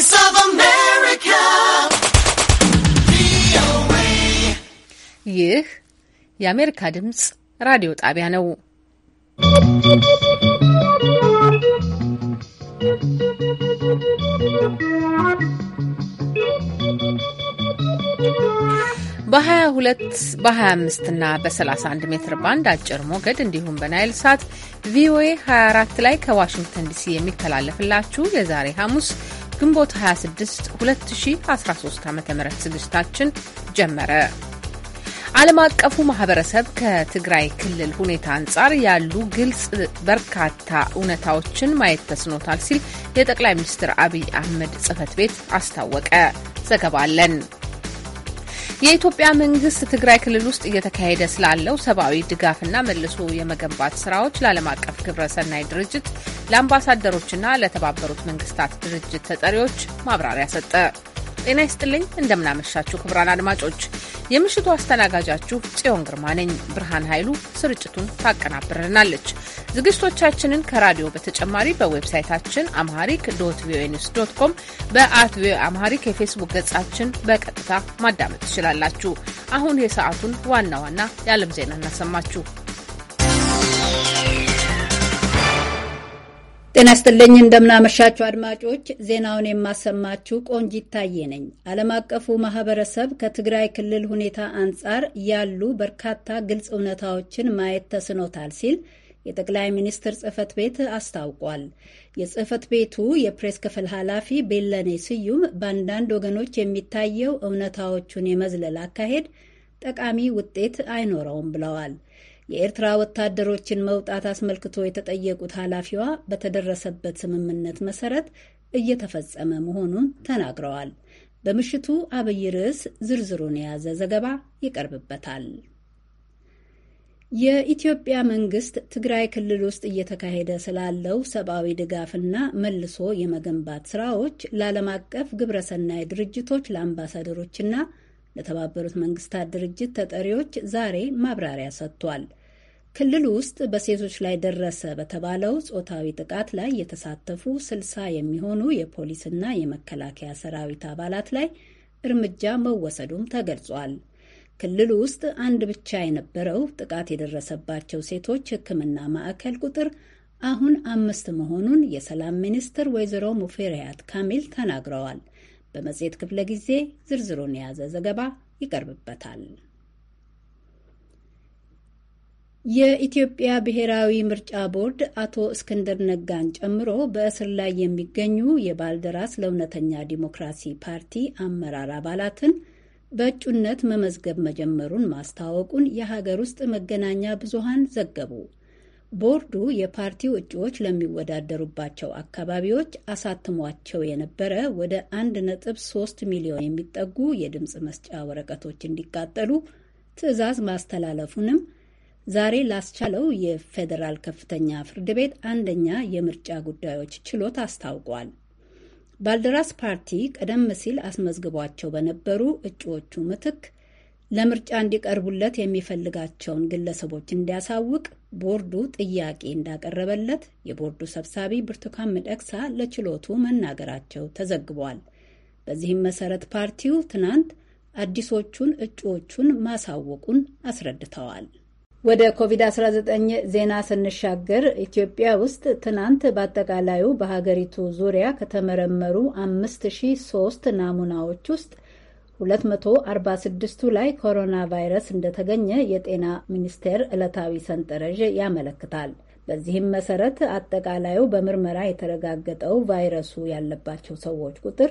Voice of America. ይህ የአሜሪካ ድምጽ ራዲዮ ጣቢያ ነው። በ22 በ25 እና በ31 ሜትር ባንድ አጭር ሞገድ እንዲሁም በናይል ሳት ቪኦኤ 24 ላይ ከዋሽንግተን ዲሲ የሚተላለፍላችሁ የዛሬ ሐሙስ ግንቦት 26 2013 ዓ ም ዝግጅታችን ጀመረ። ዓለም አቀፉ ማህበረሰብ ከትግራይ ክልል ሁኔታ አንጻር ያሉ ግልጽ በርካታ እውነታዎችን ማየት ተስኖታል ሲል የጠቅላይ ሚኒስትር አብይ አህመድ ጽህፈት ቤት አስታወቀ። ዘገባ አለን። የኢትዮጵያ መንግስት ትግራይ ክልል ውስጥ እየተካሄደ ስላለው ሰብአዊ ድጋፍና መልሶ የመገንባት ስራዎች ለዓለም አቀፍ ግብረሰናይ ድርጅት ለአምባሳደሮችና ለተባበሩት መንግስታት ድርጅት ተጠሪዎች ማብራሪያ ሰጠ። ጤና ይስጥልኝ። እንደምናመሻችሁ ክቡራን አድማጮች፣ የምሽቱ አስተናጋጃችሁ ጽዮን ግርማ ነኝ። ብርሃን ኃይሉ ስርጭቱን ታቀናብረናለች። ዝግጅቶቻችንን ከራዲዮ በተጨማሪ በዌብሳይታችን አምሃሪክ ዶት ቪኦኤ ኒውስ ዶት ኮም፣ በአት ቪኦኤ አምሃሪክ የፌስቡክ ገጻችን በቀጥታ ማዳመጥ ትችላላችሁ። አሁን የሰዓቱን ዋና ዋና የዓለም ዜና እናሰማችሁ። ጤና ይስጥልኝ እንደምናመሻችሁ አድማጮች፣ ዜናውን የማሰማችሁ ቆንጅ ይታየ ነኝ። ዓለም አቀፉ ማህበረሰብ ከትግራይ ክልል ሁኔታ አንጻር ያሉ በርካታ ግልጽ እውነታዎችን ማየት ተስኖታል ሲል የጠቅላይ ሚኒስትር ጽህፈት ቤት አስታውቋል። የጽህፈት ቤቱ የፕሬስ ክፍል ኃላፊ ቤለኔ ስዩም በአንዳንድ ወገኖች የሚታየው እውነታዎቹን የመዝለል አካሄድ ጠቃሚ ውጤት አይኖረውም ብለዋል። የኤርትራ ወታደሮችን መውጣት አስመልክቶ የተጠየቁት ኃላፊዋ በተደረሰበት ስምምነት መሰረት እየተፈጸመ መሆኑን ተናግረዋል። በምሽቱ አብይ ርዕስ ዝርዝሩን የያዘ ዘገባ ይቀርብበታል። የኢትዮጵያ መንግስት ትግራይ ክልል ውስጥ እየተካሄደ ስላለው ሰብአዊ ድጋፍና መልሶ የመገንባት ስራዎች ለዓለም አቀፍ ግብረሰናይ ድርጅቶች ለአምባሳደሮችና ለተባበሩት መንግስታት ድርጅት ተጠሪዎች ዛሬ ማብራሪያ ሰጥቷል። ክልል ውስጥ በሴቶች ላይ ደረሰ በተባለው ጾታዊ ጥቃት ላይ የተሳተፉ ስልሳ የሚሆኑ የፖሊስና የመከላከያ ሰራዊት አባላት ላይ እርምጃ መወሰዱም ተገልጿል። ክልል ውስጥ አንድ ብቻ የነበረው ጥቃት የደረሰባቸው ሴቶች ሕክምና ማዕከል ቁጥር አሁን አምስት መሆኑን የሰላም ሚኒስትር ወይዘሮ ሙፈሪያት ካሚል ተናግረዋል። በመጽሔት ክፍለ ጊዜ ዝርዝሩን የያዘ ዘገባ ይቀርብበታል። የኢትዮጵያ ብሔራዊ ምርጫ ቦርድ አቶ እስክንድር ነጋን ጨምሮ በእስር ላይ የሚገኙ የባልደራስ ለእውነተኛ ዲሞክራሲ ፓርቲ አመራር አባላትን በእጩነት መመዝገብ መጀመሩን ማስታወቁን የሀገር ውስጥ መገናኛ ብዙሃን ዘገቡ። ቦርዱ የፓርቲው እጩዎች ለሚወዳደሩባቸው አካባቢዎች አሳትሟቸው የነበረ ወደ 1.3 ሚሊዮን የሚጠጉ የድምፅ መስጫ ወረቀቶች እንዲቃጠሉ ትዕዛዝ ማስተላለፉንም ዛሬ ላስቻለው የፌዴራል ከፍተኛ ፍርድ ቤት አንደኛ የምርጫ ጉዳዮች ችሎት አስታውቋል። ባልደራስ ፓርቲ ቀደም ሲል አስመዝግቧቸው በነበሩ እጩዎቹ ምትክ ለምርጫ እንዲቀርቡለት የሚፈልጋቸውን ግለሰቦች እንዲያሳውቅ ቦርዱ ጥያቄ እንዳቀረበለት የቦርዱ ሰብሳቢ ብርቱካን ሚደቅሳ ለችሎቱ መናገራቸው ተዘግቧል። በዚህም መሰረት ፓርቲው ትናንት አዲሶቹን እጩዎቹን ማሳወቁን አስረድተዋል። ወደ ኮቪድ-19 ዜና ስንሻገር ኢትዮጵያ ውስጥ ትናንት በአጠቃላዩ በሀገሪቱ ዙሪያ ከተመረመሩ 5003 ናሙናዎች ውስጥ 246ቱ ላይ ኮሮና ቫይረስ እንደተገኘ የጤና ሚኒስቴር ዕለታዊ ሰንጠረዥ ያመለክታል። በዚህም መሰረት አጠቃላዩ በምርመራ የተረጋገጠው ቫይረሱ ያለባቸው ሰዎች ቁጥር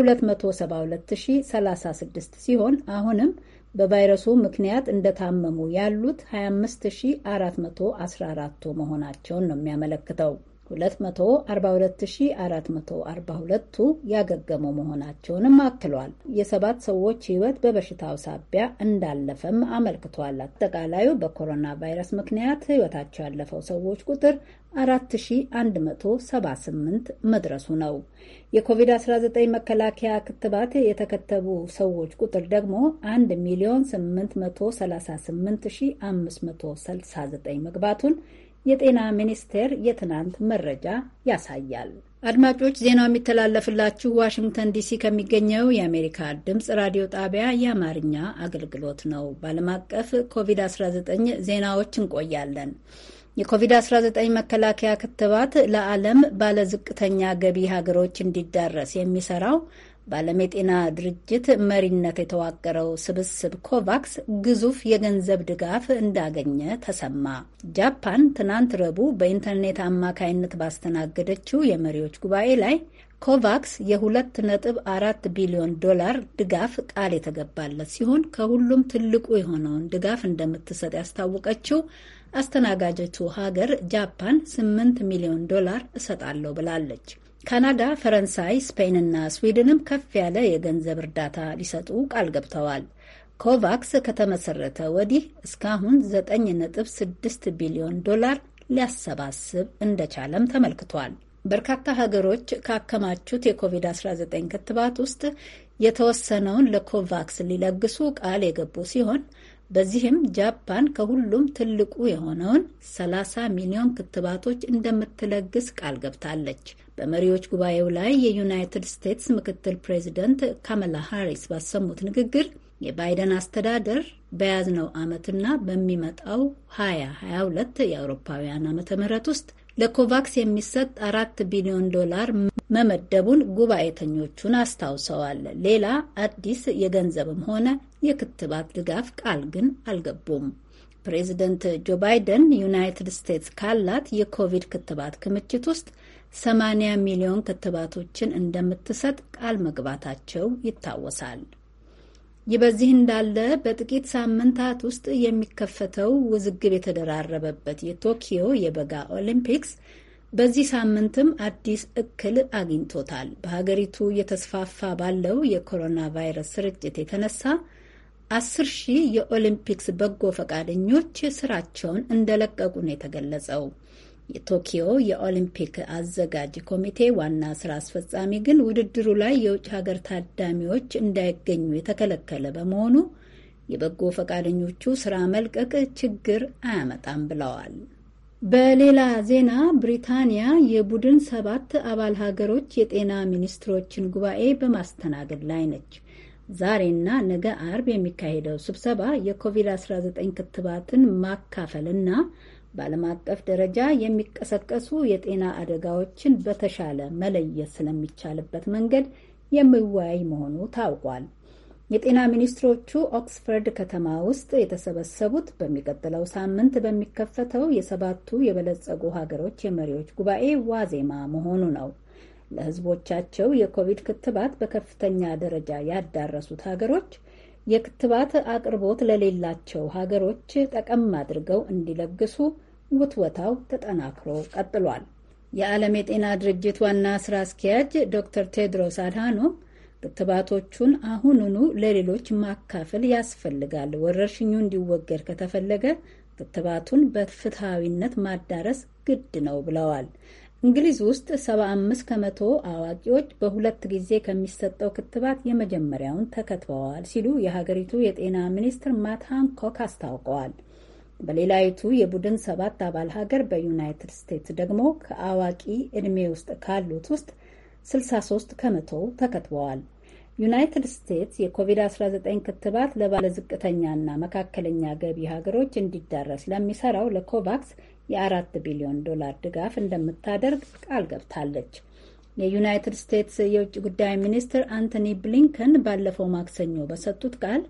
272036 ሲሆን አሁንም በቫይረሱ ምክንያት እንደታመሙ ያሉት 25414 መሆናቸውን ነው የሚያመለክተው። 242442ቱ ያገገሙ መሆናቸውንም አክሏል። የሰባት ሰዎች ሕይወት በበሽታው ሳቢያ እንዳለፈም አመልክቷል። አጠቃላዩ በኮሮና ቫይረስ ምክንያት ሕይወታቸው ያለፈው ሰዎች ቁጥር 4178 መድረሱ ነው። የኮቪድ-19 መከላከያ ክትባት የተከተቡ ሰዎች ቁጥር ደግሞ 1 ሚሊዮን 838,539 መግባቱን የጤና ሚኒስቴር የትናንት መረጃ ያሳያል። አድማጮች ዜናው የሚተላለፍላችሁ ዋሽንግተን ዲሲ ከሚገኘው የአሜሪካ ድምፅ ራዲዮ ጣቢያ የአማርኛ አገልግሎት ነው። በዓለም አቀፍ ኮቪድ-19 ዜናዎች እንቆያለን። የኮቪድ-19 መከላከያ ክትባት ለዓለም ባለዝቅተኛ ገቢ ሀገሮች እንዲዳረስ የሚሰራው በዓለም የጤና ድርጅት መሪነት የተዋቀረው ስብስብ ኮቫክስ ግዙፍ የገንዘብ ድጋፍ እንዳገኘ ተሰማ። ጃፓን ትናንት ረቡዕ በኢንተርኔት አማካይነት ባስተናገደችው የመሪዎች ጉባኤ ላይ ኮቫክስ የ ነጥብ ቢሊዮን ዶላር ድጋፍ ቃል የተገባለት ሲሆን ከሁሉም ትልቁ የሆነውን ድጋፍ እንደምትሰጥ ያስታወቀችው አስተናጋጀቱ ሀገር ጃፓን 8 ሚሊዮን ዶላር እሰጣለሁ ብላለች። ካናዳ፣ ፈረንሳይ፣ ስፔንና ስዊድንም ከፍ ያለ የገንዘብ እርዳታ ሊሰጡ ቃል ገብተዋል። ኮቫክስ ከተመሰረተ ወዲህ እስካሁን 9.6 ቢሊዮን ዶላር ሊያሰባስብ እንደቻለም ተመልክቷል። በርካታ ሀገሮች ካከማቹት የኮቪድ-19 ክትባት ውስጥ የተወሰነውን ለኮቫክስ ሊለግሱ ቃል የገቡ ሲሆን በዚህም ጃፓን ከሁሉም ትልቁ የሆነውን 30 ሚሊዮን ክትባቶች እንደምትለግስ ቃል ገብታለች። በመሪዎች ጉባኤው ላይ የዩናይትድ ስቴትስ ምክትል ፕሬዚደንት ካመላ ሃሪስ ባሰሙት ንግግር የባይደን አስተዳደር በያዝነው ዓመትና በሚመጣው 2022 የአውሮፓውያን ዓመተ ምህረት ውስጥ ለኮቫክስ የሚሰጥ አራት ቢሊዮን ዶላር መመደቡን ጉባኤተኞቹን አስታውሰዋል። ሌላ አዲስ የገንዘብም ሆነ የክትባት ድጋፍ ቃል ግን አልገቡም። ፕሬዚደንት ጆ ባይደን ዩናይትድ ስቴትስ ካላት የኮቪድ ክትባት ክምችት ውስጥ 80 ሚሊዮን ክትባቶችን እንደምትሰጥ ቃል መግባታቸው ይታወሳል። ይህ በዚህ እንዳለ በጥቂት ሳምንታት ውስጥ የሚከፈተው ውዝግብ የተደራረበበት የቶኪዮ የበጋ ኦሊምፒክስ በዚህ ሳምንትም አዲስ እክል አግኝቶታል። በሀገሪቱ እየተስፋፋ ባለው የኮሮና ቫይረስ ስርጭት የተነሳ አስር ሺህ የኦሊምፒክስ በጎ ፈቃደኞች ስራቸውን እንደለቀቁ ነው የተገለጸው። የቶኪዮ የኦሊምፒክ አዘጋጅ ኮሚቴ ዋና ስራ አስፈጻሚ ግን ውድድሩ ላይ የውጭ ሀገር ታዳሚዎች እንዳይገኙ የተከለከለ በመሆኑ የበጎ ፈቃደኞቹ ስራ መልቀቅ ችግር አያመጣም ብለዋል። በሌላ ዜና ብሪታንያ የቡድን ሰባት አባል ሀገሮች የጤና ሚኒስትሮችን ጉባኤ በማስተናገድ ላይ ነች። ዛሬና ነገ አርብ የሚካሄደው ስብሰባ የኮቪድ-19 ክትባትን ማካፈልና ። በዓለም አቀፍ ደረጃ የሚቀሰቀሱ የጤና አደጋዎችን በተሻለ መለየት ስለሚቻልበት መንገድ የሚወያይ መሆኑ ታውቋል። የጤና ሚኒስትሮቹ ኦክስፈርድ ከተማ ውስጥ የተሰበሰቡት በሚቀጥለው ሳምንት በሚከፈተው የሰባቱ የበለጸጉ ሀገሮች የመሪዎች ጉባኤ ዋዜማ መሆኑ ነው። ለሕዝቦቻቸው የኮቪድ ክትባት በከፍተኛ ደረጃ ያዳረሱት ሀገሮች የክትባት አቅርቦት ለሌላቸው ሀገሮች ጠቀም አድርገው እንዲለግሱ ውትወታው ተጠናክሮ ቀጥሏል። የዓለም የጤና ድርጅት ዋና ስራ አስኪያጅ ዶክተር ቴድሮስ አድሃኖም ክትባቶቹን አሁኑኑ ለሌሎች ማካፈል ያስፈልጋል። ወረርሽኙ እንዲወገድ ከተፈለገ ክትባቱን በፍትሐዊነት ማዳረስ ግድ ነው ብለዋል። እንግሊዝ ውስጥ 75 ከመቶ አዋቂዎች በሁለት ጊዜ ከሚሰጠው ክትባት የመጀመሪያውን ተከትበዋል ሲሉ የሀገሪቱ የጤና ሚኒስትር ማት ሃንኮክ አስታውቀዋል። በሌላይቱ የቡድን ሰባት አባል ሀገር በዩናይትድ ስቴትስ ደግሞ ከአዋቂ ዕድሜ ውስጥ ካሉት ውስጥ 63 ከመቶው ተከትበዋል። ዩናይትድ ስቴትስ የኮቪድ-19 ክትባት ለባለዝቅተኛና መካከለኛ ገቢ ሀገሮች እንዲዳረስ ለሚሰራው ለኮቫክስ የአራት ቢሊዮን ዶላር ድጋፍ እንደምታደርግ ቃል ገብታለች። የዩናይትድ ስቴትስ የውጭ ጉዳይ ሚኒስትር አንቶኒ ብሊንከን ባለፈው ማክሰኞ በሰጡት ቃል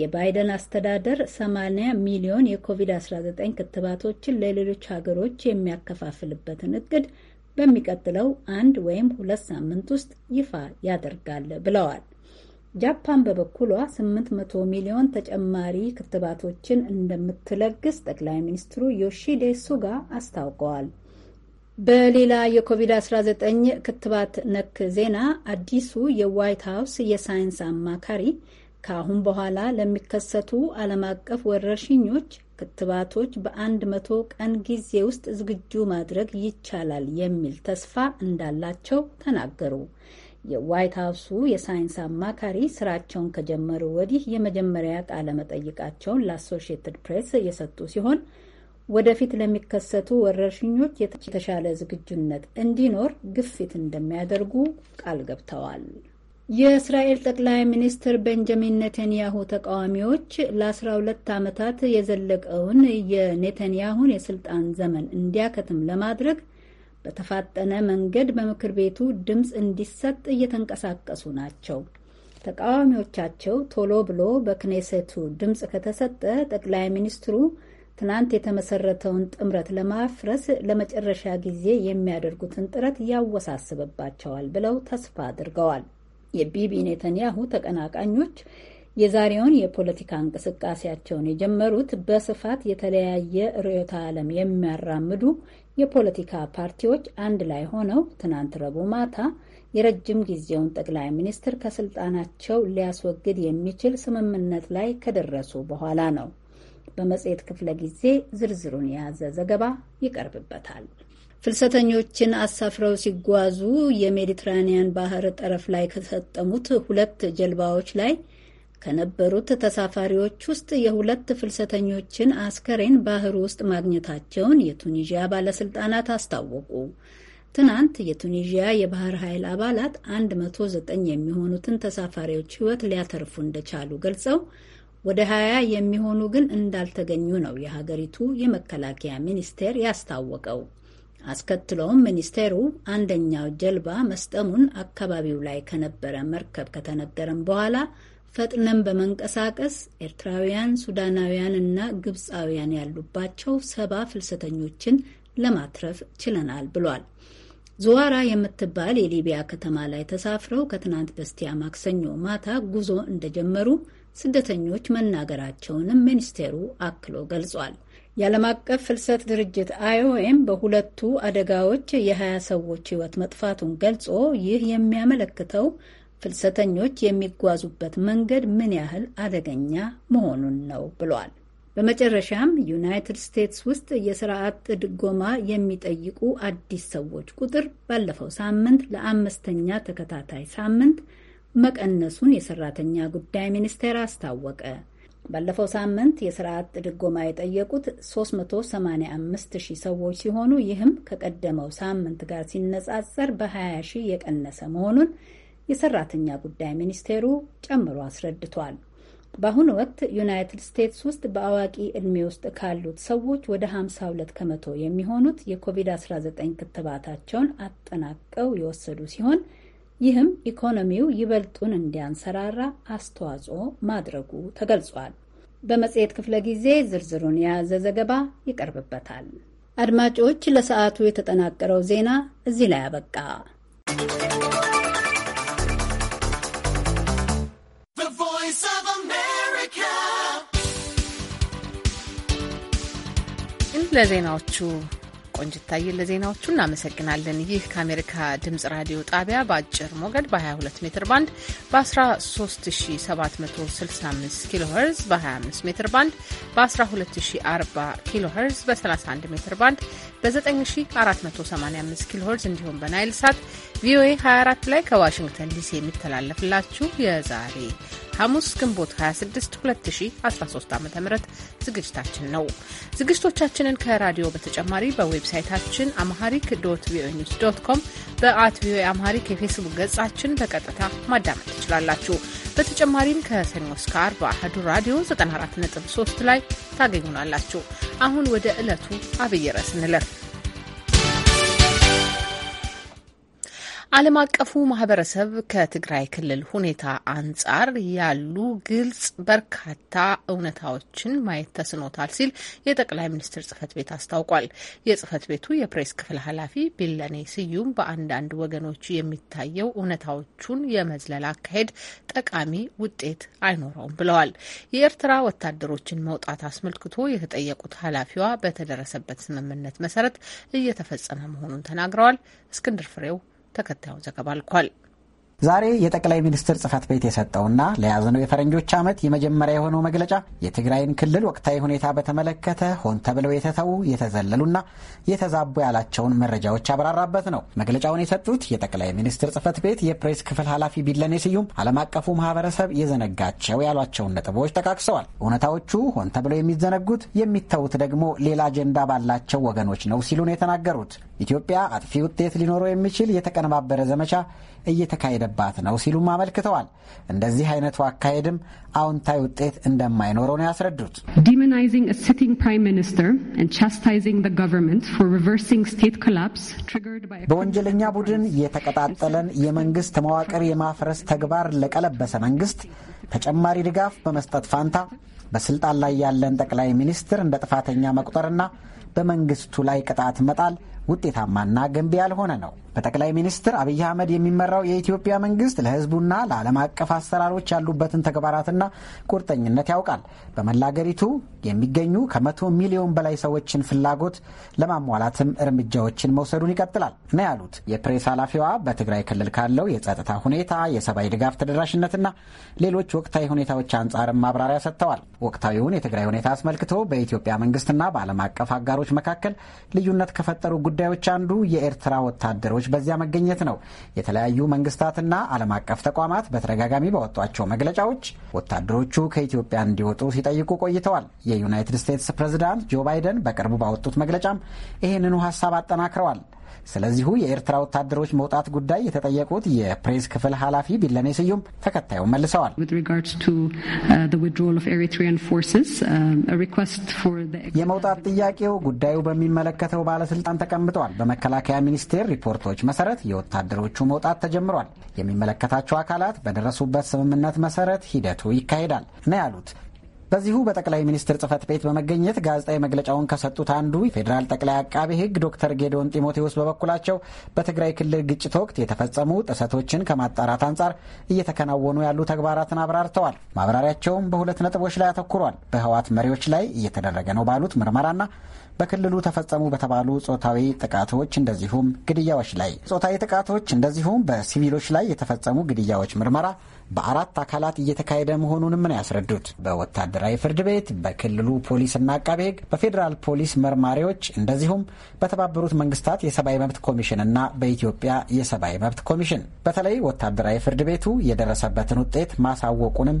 የባይደን አስተዳደር 80 ሚሊዮን የኮቪድ-19 ክትባቶችን ለሌሎች ሀገሮች የሚያከፋፍልበትን እቅድ በሚቀጥለው አንድ ወይም ሁለት ሳምንት ውስጥ ይፋ ያደርጋል ብለዋል። ጃፓን በበኩሏ 800 ሚሊዮን ተጨማሪ ክትባቶችን እንደምትለግስ ጠቅላይ ሚኒስትሩ ዮሺዴ ሱጋ አስታውቀዋል። በሌላ የኮቪድ-19 ክትባት ነክ ዜና አዲሱ የዋይት ሀውስ የሳይንስ አማካሪ ከአሁን በኋላ ለሚከሰቱ ዓለም አቀፍ ወረርሽኞች ክትባቶች በአንድ መቶ ቀን ጊዜ ውስጥ ዝግጁ ማድረግ ይቻላል የሚል ተስፋ እንዳላቸው ተናገሩ። የዋይት ሀውሱ የሳይንስ አማካሪ ስራቸውን ከጀመሩ ወዲህ የመጀመሪያ ቃለ መጠይቃቸውን ለአሶሺየትድ ፕሬስ የሰጡ ሲሆን ወደፊት ለሚከሰቱ ወረርሽኞች የተሻለ ዝግጁነት እንዲኖር ግፊት እንደሚያደርጉ ቃል ገብተዋል። የእስራኤል ጠቅላይ ሚኒስትር ቤንጃሚን ኔተንያሁ ተቃዋሚዎች ለ12 ዓመታት የዘለቀውን የኔተንያሁን የስልጣን ዘመን እንዲያከትም ለማድረግ በተፋጠነ መንገድ በምክር ቤቱ ድምፅ እንዲሰጥ እየተንቀሳቀሱ ናቸው። ተቃዋሚዎቻቸው ቶሎ ብሎ በክኔሴቱ ድምፅ ከተሰጠ ጠቅላይ ሚኒስትሩ ትናንት የተመሰረተውን ጥምረት ለማፍረስ ለመጨረሻ ጊዜ የሚያደርጉትን ጥረት ያወሳስብባቸዋል ብለው ተስፋ አድርገዋል። የቢቢ ኔተንያሁ ተቀናቃኞች የዛሬውን የፖለቲካ እንቅስቃሴያቸውን የጀመሩት በስፋት የተለያየ ርዕዮተ ዓለም የሚያራምዱ የፖለቲካ ፓርቲዎች አንድ ላይ ሆነው ትናንት ረቡዕ ማታ የረጅም ጊዜውን ጠቅላይ ሚኒስትር ከስልጣናቸው ሊያስወግድ የሚችል ስምምነት ላይ ከደረሱ በኋላ ነው። በመጽሔት ክፍለ ጊዜ ዝርዝሩን የያዘ ዘገባ ይቀርብበታል። ፍልሰተኞችን አሳፍረው ሲጓዙ የሜዲትራኒያን ባህር ጠረፍ ላይ ከሰጠሙት ሁለት ጀልባዎች ላይ ከነበሩት ተሳፋሪዎች ውስጥ የሁለት ፍልሰተኞችን አስከሬን ባህር ውስጥ ማግኘታቸውን የቱኒዥያ ባለስልጣናት አስታወቁ። ትናንት የቱኒዥያ የባህር ኃይል አባላት 109 የሚሆኑትን ተሳፋሪዎች ሕይወት ሊያተርፉ እንደቻሉ ገልጸው ወደ 20 የሚሆኑ ግን እንዳልተገኙ ነው የሀገሪቱ የመከላከያ ሚኒስቴር ያስታወቀው። አስከትሎም ሚኒስቴሩ አንደኛው ጀልባ መስጠሙን አካባቢው ላይ ከነበረ መርከብ ከተነገረም በኋላ ፈጥነን በመንቀሳቀስ ኤርትራውያን፣ እና ግብፃውያን ያሉባቸው ሰባ ፍልሰተኞችን ለማትረፍ ችለናል ብሏል። ዙዋራ የምትባል የሊቢያ ከተማ ላይ ተሳፍረው ከትናንት በስቲያ ማክሰኞ ማታ ጉዞ እንደጀመሩ ስደተኞች መናገራቸውንም ሚኒስቴሩ አክሎ ገልጿል። የዓለም አቀፍ ፍልሰት ድርጅት አይኦኤም በሁለቱ አደጋዎች የ20 ሰዎች ሕይወት መጥፋቱን ገልጾ ይህ የሚያመለክተው ፍልሰተኞች የሚጓዙበት መንገድ ምን ያህል አደገኛ መሆኑን ነው ብሏል። በመጨረሻም ዩናይትድ ስቴትስ ውስጥ የስርዓት ድጎማ የሚጠይቁ አዲስ ሰዎች ቁጥር ባለፈው ሳምንት ለአምስተኛ ተከታታይ ሳምንት መቀነሱን የሰራተኛ ጉዳይ ሚኒስቴር አስታወቀ። ባለፈው ሳምንት የስርዓት ድጎማ የጠየቁት 385 ሺህ ሰዎች ሲሆኑ ይህም ከቀደመው ሳምንት ጋር ሲነጻጸር በ20 ሺህ የቀነሰ መሆኑን የሰራተኛ ጉዳይ ሚኒስቴሩ ጨምሮ አስረድቷል። በአሁኑ ወቅት ዩናይትድ ስቴትስ ውስጥ በአዋቂ ዕድሜ ውስጥ ካሉት ሰዎች ወደ 52 ከመቶ የሚሆኑት የኮቪድ-19 ክትባታቸውን አጠናቀው የወሰዱ ሲሆን ይህም ኢኮኖሚው ይበልጡን እንዲያንሰራራ አስተዋጽኦ ማድረጉ ተገልጿል። በመጽሔት ክፍለ ጊዜ ዝርዝሩን የያዘ ዘገባ ይቀርብበታል። አድማጮች፣ ለሰዓቱ የተጠናቀረው ዜና እዚህ ላይ አበቃ። ለዜናዎቹ ቆንጅታዬ ለዜናዎቹ እናመሰግናለን። ይህ ከአሜሪካ ድምጽ ራዲዮ ጣቢያ በአጭር ሞገድ በ22 ሜትር ባንድ በ13765 ኪሎ ሄርዝ በ25 ሜትር ባንድ በ1240 ኪሎ ሄርዝ በ31 ሜትር ባንድ በ9485 ኪሎሆርዝ እንዲሁም በናይል ሳት ቪኦኤ 24 ላይ ከዋሽንግተን ዲሲ የሚተላለፍላችሁ የዛሬ ሐሙስ ግንቦት 26 2013 ዓ ም ዝግጅታችን ነው። ዝግጅቶቻችንን ከራዲዮ በተጨማሪ በዌብሳይታችን አምሃሪክ ዶት ቪኦኤ ኒውስ ዶት ኮም፣ በአት ቪኦኤ አምሃሪክ የፌስቡክ ገጻችን በቀጥታ ማዳመጥ ትችላላችሁ። በተጨማሪም ከሰኞ እስከ አርብ አህዱ ራዲዮ 94.3 ላይ ታገኙናላችሁ። አሁን ወደ ዕለቱ አብይ ርዕስ እንለፍ። ዓለም አቀፉ ማህበረሰብ ከትግራይ ክልል ሁኔታ አንጻር ያሉ ግልጽ በርካታ እውነታዎችን ማየት ተስኖታል ሲል የጠቅላይ ሚኒስትር ጽህፈት ቤት አስታውቋል። የጽህፈት ቤቱ የፕሬስ ክፍል ኃላፊ ቢለኔ ስዩም በአንዳንድ ወገኖች የሚታየው እውነታዎቹን የመዝለል አካሄድ ጠቃሚ ውጤት አይኖረውም ብለዋል። የኤርትራ ወታደሮችን መውጣት አስመልክቶ የተጠየቁት ኃላፊዋ በተደረሰበት ስምምነት መሰረት እየተፈጸመ መሆኑን ተናግረዋል። እስክንድር ፍሬው ተከታዩን ዘገባ ልኳል። ዛሬ የጠቅላይ ሚኒስትር ጽህፈት ቤት የሰጠውና ለያዝነው የፈረንጆች ዓመት የመጀመሪያ የሆነው መግለጫ የትግራይን ክልል ወቅታዊ ሁኔታ በተመለከተ ሆን ተብለው የተተዉ የተዘለሉና የተዛቡ ያላቸውን መረጃዎች ያብራራበት ነው። መግለጫውን የሰጡት የጠቅላይ ሚኒስትር ጽህፈት ቤት የፕሬስ ክፍል ኃላፊ ቢለኔ ስዩም ዓለም አቀፉ ማህበረሰብ የዘነጋቸው ያሏቸውን ነጥቦች ጠቃቅሰዋል። እውነታዎቹ ሆን ተብለው የሚዘነጉት የሚተዉት ደግሞ ሌላ አጀንዳ ባላቸው ወገኖች ነው ሲሉ ነው የተናገሩት። ኢትዮጵያ አጥፊ ውጤት ሊኖረው የሚችል የተቀነባበረ ዘመቻ እየተካሄደ ያለባት ነው ሲሉም አመልክተዋል። እንደዚህ አይነቱ አካሄድም አዎንታዊ ውጤት እንደማይኖረው ነው ያስረዱት። በወንጀለኛ ቡድን የተቀጣጠለን የመንግስት መዋቅር የማፍረስ ተግባር ለቀለበሰ መንግስት ተጨማሪ ድጋፍ በመስጠት ፋንታ በስልጣን ላይ ያለን ጠቅላይ ሚኒስትር እንደ ጥፋተኛ መቁጠርና በመንግስቱ ላይ ቅጣት መጣል ውጤታማና ገንቢ ያልሆነ ነው። በጠቅላይ ሚኒስትር አብይ አህመድ የሚመራው የኢትዮጵያ መንግስት ለህዝቡና ለዓለም አቀፍ አሰራሮች ያሉበትን ተግባራትና ቁርጠኝነት ያውቃል። በመላ አገሪቱ የሚገኙ ከመቶ ሚሊዮን በላይ ሰዎችን ፍላጎት ለማሟላትም እርምጃዎችን መውሰዱን ይቀጥላል ነው ያሉት የፕሬስ ኃላፊዋ። በትግራይ ክልል ካለው የጸጥታ ሁኔታ፣ የሰብአዊ ድጋፍ ተደራሽነትና ሌሎች ወቅታዊ ሁኔታዎች አንጻርም ማብራሪያ ሰጥተዋል። ወቅታዊውን የትግራይ ሁኔታ አስመልክቶ በኢትዮጵያ መንግስትና በዓለም አቀፍ አጋሮች መካከል ልዩነት ከፈጠሩ ጉዳዮች አንዱ የኤርትራ ወታደሮች በዚያ መገኘት ነው። የተለያዩ መንግስታትና ዓለም አቀፍ ተቋማት በተደጋጋሚ ባወጧቸው መግለጫዎች ወታደሮቹ ከኢትዮጵያ እንዲወጡ ሲጠይቁ ቆይተዋል። የዩናይትድ ስቴትስ ፕሬዝዳንት ጆ ባይደን በቅርቡ ባወጡት መግለጫም ይህንኑ ሀሳብ አጠናክረዋል። ስለዚሁ የኤርትራ ወታደሮች መውጣት ጉዳይ የተጠየቁት የፕሬስ ክፍል ኃላፊ ቢለኔ ስዩም ተከታዩን መልሰዋል። uh, um, የመውጣት ጥያቄው ጉዳዩ በሚመለከተው ባለስልጣን ተቀምጠዋል። በመከላከያ ሚኒስቴር ሪፖርቶች መሰረት የወታደሮቹ መውጣት ተጀምሯል። የሚመለከታቸው አካላት በደረሱበት ስምምነት መሰረት ሂደቱ ይካሄዳል ነው ያሉት። በዚሁ በጠቅላይ ሚኒስትር ጽህፈት ቤት በመገኘት ጋዜጣዊ መግለጫውን ከሰጡት አንዱ የፌዴራል ጠቅላይ አቃቤ ሕግ ዶክተር ጌዶን ጢሞቴዎስ በበኩላቸው በትግራይ ክልል ግጭት ወቅት የተፈጸሙ ጥሰቶችን ከማጣራት አንጻር እየተከናወኑ ያሉ ተግባራትን አብራርተዋል። ማብራሪያቸውም በሁለት ነጥቦች ላይ አተኩሯል። በህወሓት መሪዎች ላይ እየተደረገ ነው ባሉት ምርመራና በክልሉ ተፈጸሙ በተባሉ ጾታዊ ጥቃቶች እንደዚሁም ግድያዎች ላይ ጾታዊ ጥቃቶች እንደዚሁም በሲቪሎች ላይ የተፈጸሙ ግድያዎች ምርመራ በአራት አካላት እየተካሄደ መሆኑንም ነው ያስረዱት። በወታደራዊ ፍርድ ቤት፣ በክልሉ ፖሊስና አቃቤ ሕግ፣ በፌዴራል ፖሊስ መርማሪዎች እንደዚሁም በተባበሩት መንግስታት የሰብአዊ መብት ኮሚሽንና በኢትዮጵያ የሰብአዊ መብት ኮሚሽን በተለይ ወታደራዊ ፍርድ ቤቱ የደረሰበትን ውጤት ማሳወቁንም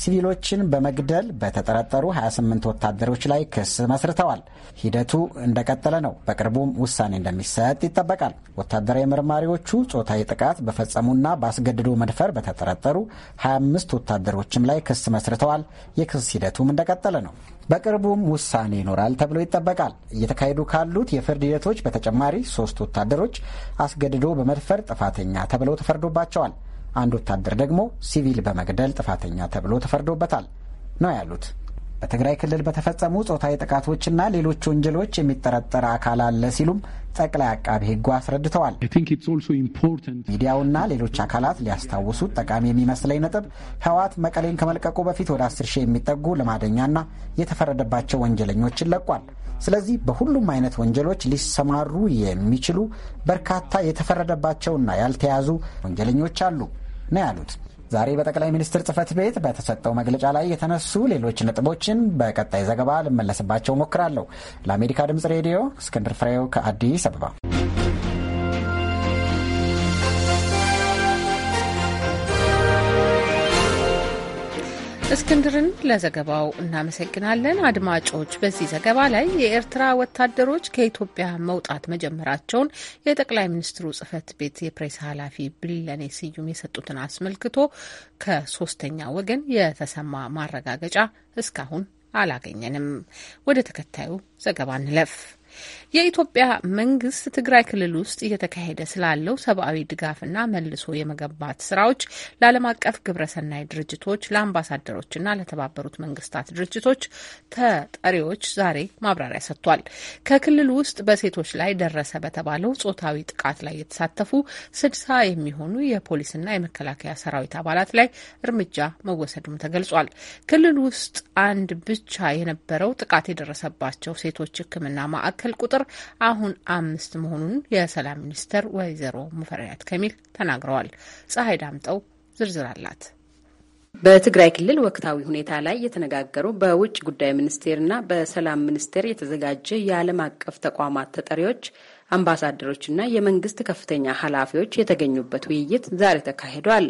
ሲቪሎችን በመግደል በተጠረጠሩ 28 ወታደሮች ላይ ክስ መስርተዋል። ሂደቱ እንደቀጠለ ነው። በቅርቡም ውሳኔ እንደሚሰጥ ይጠበቃል። ወታደራዊ መርማሪዎቹ ጾታዊ ጥቃት በፈጸሙና በአስገድዶ መድፈር በተጠረጠሩ 25 ወታደሮችም ላይ ክስ መስርተዋል። የክስ ሂደቱም እንደቀጠለ ነው። በቅርቡም ውሳኔ ይኖራል ተብሎ ይጠበቃል። እየተካሄዱ ካሉት የፍርድ ሂደቶች በተጨማሪ ሶስት ወታደሮች አስገድዶ በመድፈር ጥፋተኛ ተብለው ተፈርዶባቸዋል። አንድ ወታደር ደግሞ ሲቪል በመግደል ጥፋተኛ ተብሎ ተፈርዶበታል ነው ያሉት። በትግራይ ክልል በተፈጸሙ ጾታዊ ጥቃቶችና ሌሎች ወንጀሎች የሚጠረጠር አካል አለ ሲሉም ጠቅላይ አቃቢ ሕጉ አስረድተዋል። ሚዲያውና ሌሎች አካላት ሊያስታውሱት ጠቃሚ የሚመስለኝ ነጥብ ህወሓት መቀሌን ከመልቀቁ በፊት ወደ አስር ሺህ የሚጠጉ ልማደኛና የተፈረደባቸው ወንጀለኞችን ለቋል። ስለዚህ በሁሉም አይነት ወንጀሎች ሊሰማሩ የሚችሉ በርካታ የተፈረደባቸውና ያልተያዙ ወንጀለኞች አሉ። ነው ያሉት። ዛሬ በጠቅላይ ሚኒስትር ጽህፈት ቤት በተሰጠው መግለጫ ላይ የተነሱ ሌሎች ነጥቦችን በቀጣይ ዘገባ ልመለስባቸው ሞክራለሁ። ለአሜሪካ ድምጽ ሬዲዮ እስክንድር ፍሬው ከአዲስ አበባ እስክንድርን ለዘገባው እናመሰግናለን። አድማጮች፣ በዚህ ዘገባ ላይ የኤርትራ ወታደሮች ከኢትዮጵያ መውጣት መጀመራቸውን የጠቅላይ ሚኒስትሩ ጽህፈት ቤት የፕሬስ ኃላፊ ብለኔ ስዩም የሰጡትን አስመልክቶ ከሶስተኛ ወገን የተሰማ ማረጋገጫ እስካሁን አላገኘንም። ወደ ተከታዩ ዘገባ እንለፍ። የኢትዮጵያ መንግስት ትግራይ ክልል ውስጥ እየተካሄደ ስላለው ሰብአዊ ድጋፍና መልሶ የመገንባት ስራዎች ለዓለም አቀፍ ግብረሰናይ ድርጅቶች፣ ለአምባሳደሮችና ለተባበሩት መንግስታት ድርጅቶች ተጠሪዎች ዛሬ ማብራሪያ ሰጥቷል። ከክልል ውስጥ በሴቶች ላይ ደረሰ በተባለው ጾታዊ ጥቃት ላይ የተሳተፉ ስድሳ የሚሆኑ የፖሊስና የመከላከያ ሰራዊት አባላት ላይ እርምጃ መወሰዱም ተገልጿል። ክልል ውስጥ አንድ ብቻ የነበረው ጥቃት የደረሰባቸው ሴቶች ሕክምና ማዕከል ቁጥር ቁጥር አሁን አምስት መሆኑን የሰላም ሚኒስትር ወይዘሮ ሙፈሪያት ከሚል ተናግረዋል። ፀሐይ ዳምጠው ዝርዝር አላት። በትግራይ ክልል ወቅታዊ ሁኔታ ላይ የተነጋገሩ በውጭ ጉዳይ ሚኒስቴርና በሰላም ሚኒስቴር የተዘጋጀ የዓለም አቀፍ ተቋማት ተጠሪዎች አምባሳደሮችና የመንግስት ከፍተኛ ኃላፊዎች የተገኙበት ውይይት ዛሬ ተካሂዷል።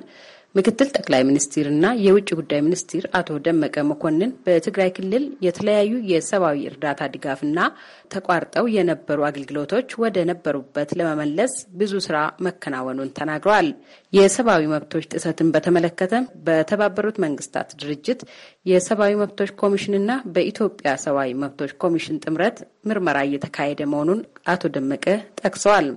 ምክትል ጠቅላይ ሚኒስትርና የውጭ ጉዳይ ሚኒስትር አቶ ደመቀ መኮንን በትግራይ ክልል የተለያዩ የሰብአዊ እርዳታ ድጋፍና ተቋርጠው የነበሩ አገልግሎቶች ወደ ነበሩበት ለመመለስ ብዙ ስራ መከናወኑን ተናግረዋል። የሰብአዊ መብቶች ጥሰትን በተመለከተ በተባበሩት መንግስታት ድርጅት የሰብአዊ መብቶች ኮሚሽንና በኢትዮጵያ ሰብአዊ መብቶች ኮሚሽን ጥምረት ምርመራ እየተካሄደ መሆኑን አቶ ደመቀ ጠቅሰዋል።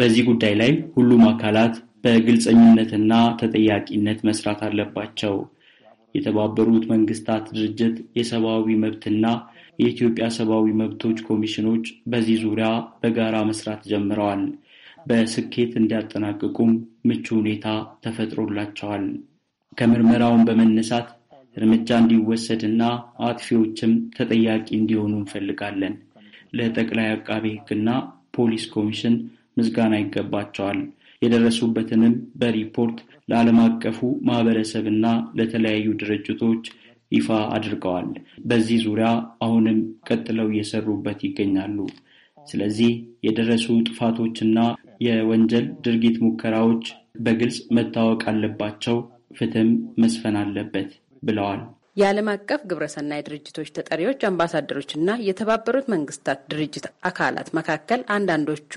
በዚህ ጉዳይ ላይ ሁሉም አካላት በግልጸኝነትና ተጠያቂነት መስራት አለባቸው። የተባበሩት መንግስታት ድርጅት የሰብአዊ መብትና የኢትዮጵያ ሰብአዊ መብቶች ኮሚሽኖች በዚህ ዙሪያ በጋራ መስራት ጀምረዋል። በስኬት እንዲያጠናቅቁም ምቹ ሁኔታ ተፈጥሮላቸዋል። ከምርመራውን በመነሳት እርምጃ እንዲወሰድና አጥፊዎችም ተጠያቂ እንዲሆኑ እንፈልጋለን። ለጠቅላይ አቃቤ ሕግና ፖሊስ ኮሚሽን ምስጋና ይገባቸዋል። የደረሱበትንም በሪፖርት ለዓለም አቀፉ ማህበረሰብና ለተለያዩ ድርጅቶች ይፋ አድርገዋል። በዚህ ዙሪያ አሁንም ቀጥለው እየሰሩበት ይገኛሉ። ስለዚህ የደረሱ ጥፋቶችና የወንጀል ድርጊት ሙከራዎች በግልጽ መታወቅ አለባቸው፣ ፍትህም መስፈን አለበት ብለዋል። የዓለም አቀፍ ግብረሰናይ ድርጅቶች ተጠሪዎች፣ አምባሳደሮችና የተባበሩት መንግስታት ድርጅት አካላት መካከል አንዳንዶቹ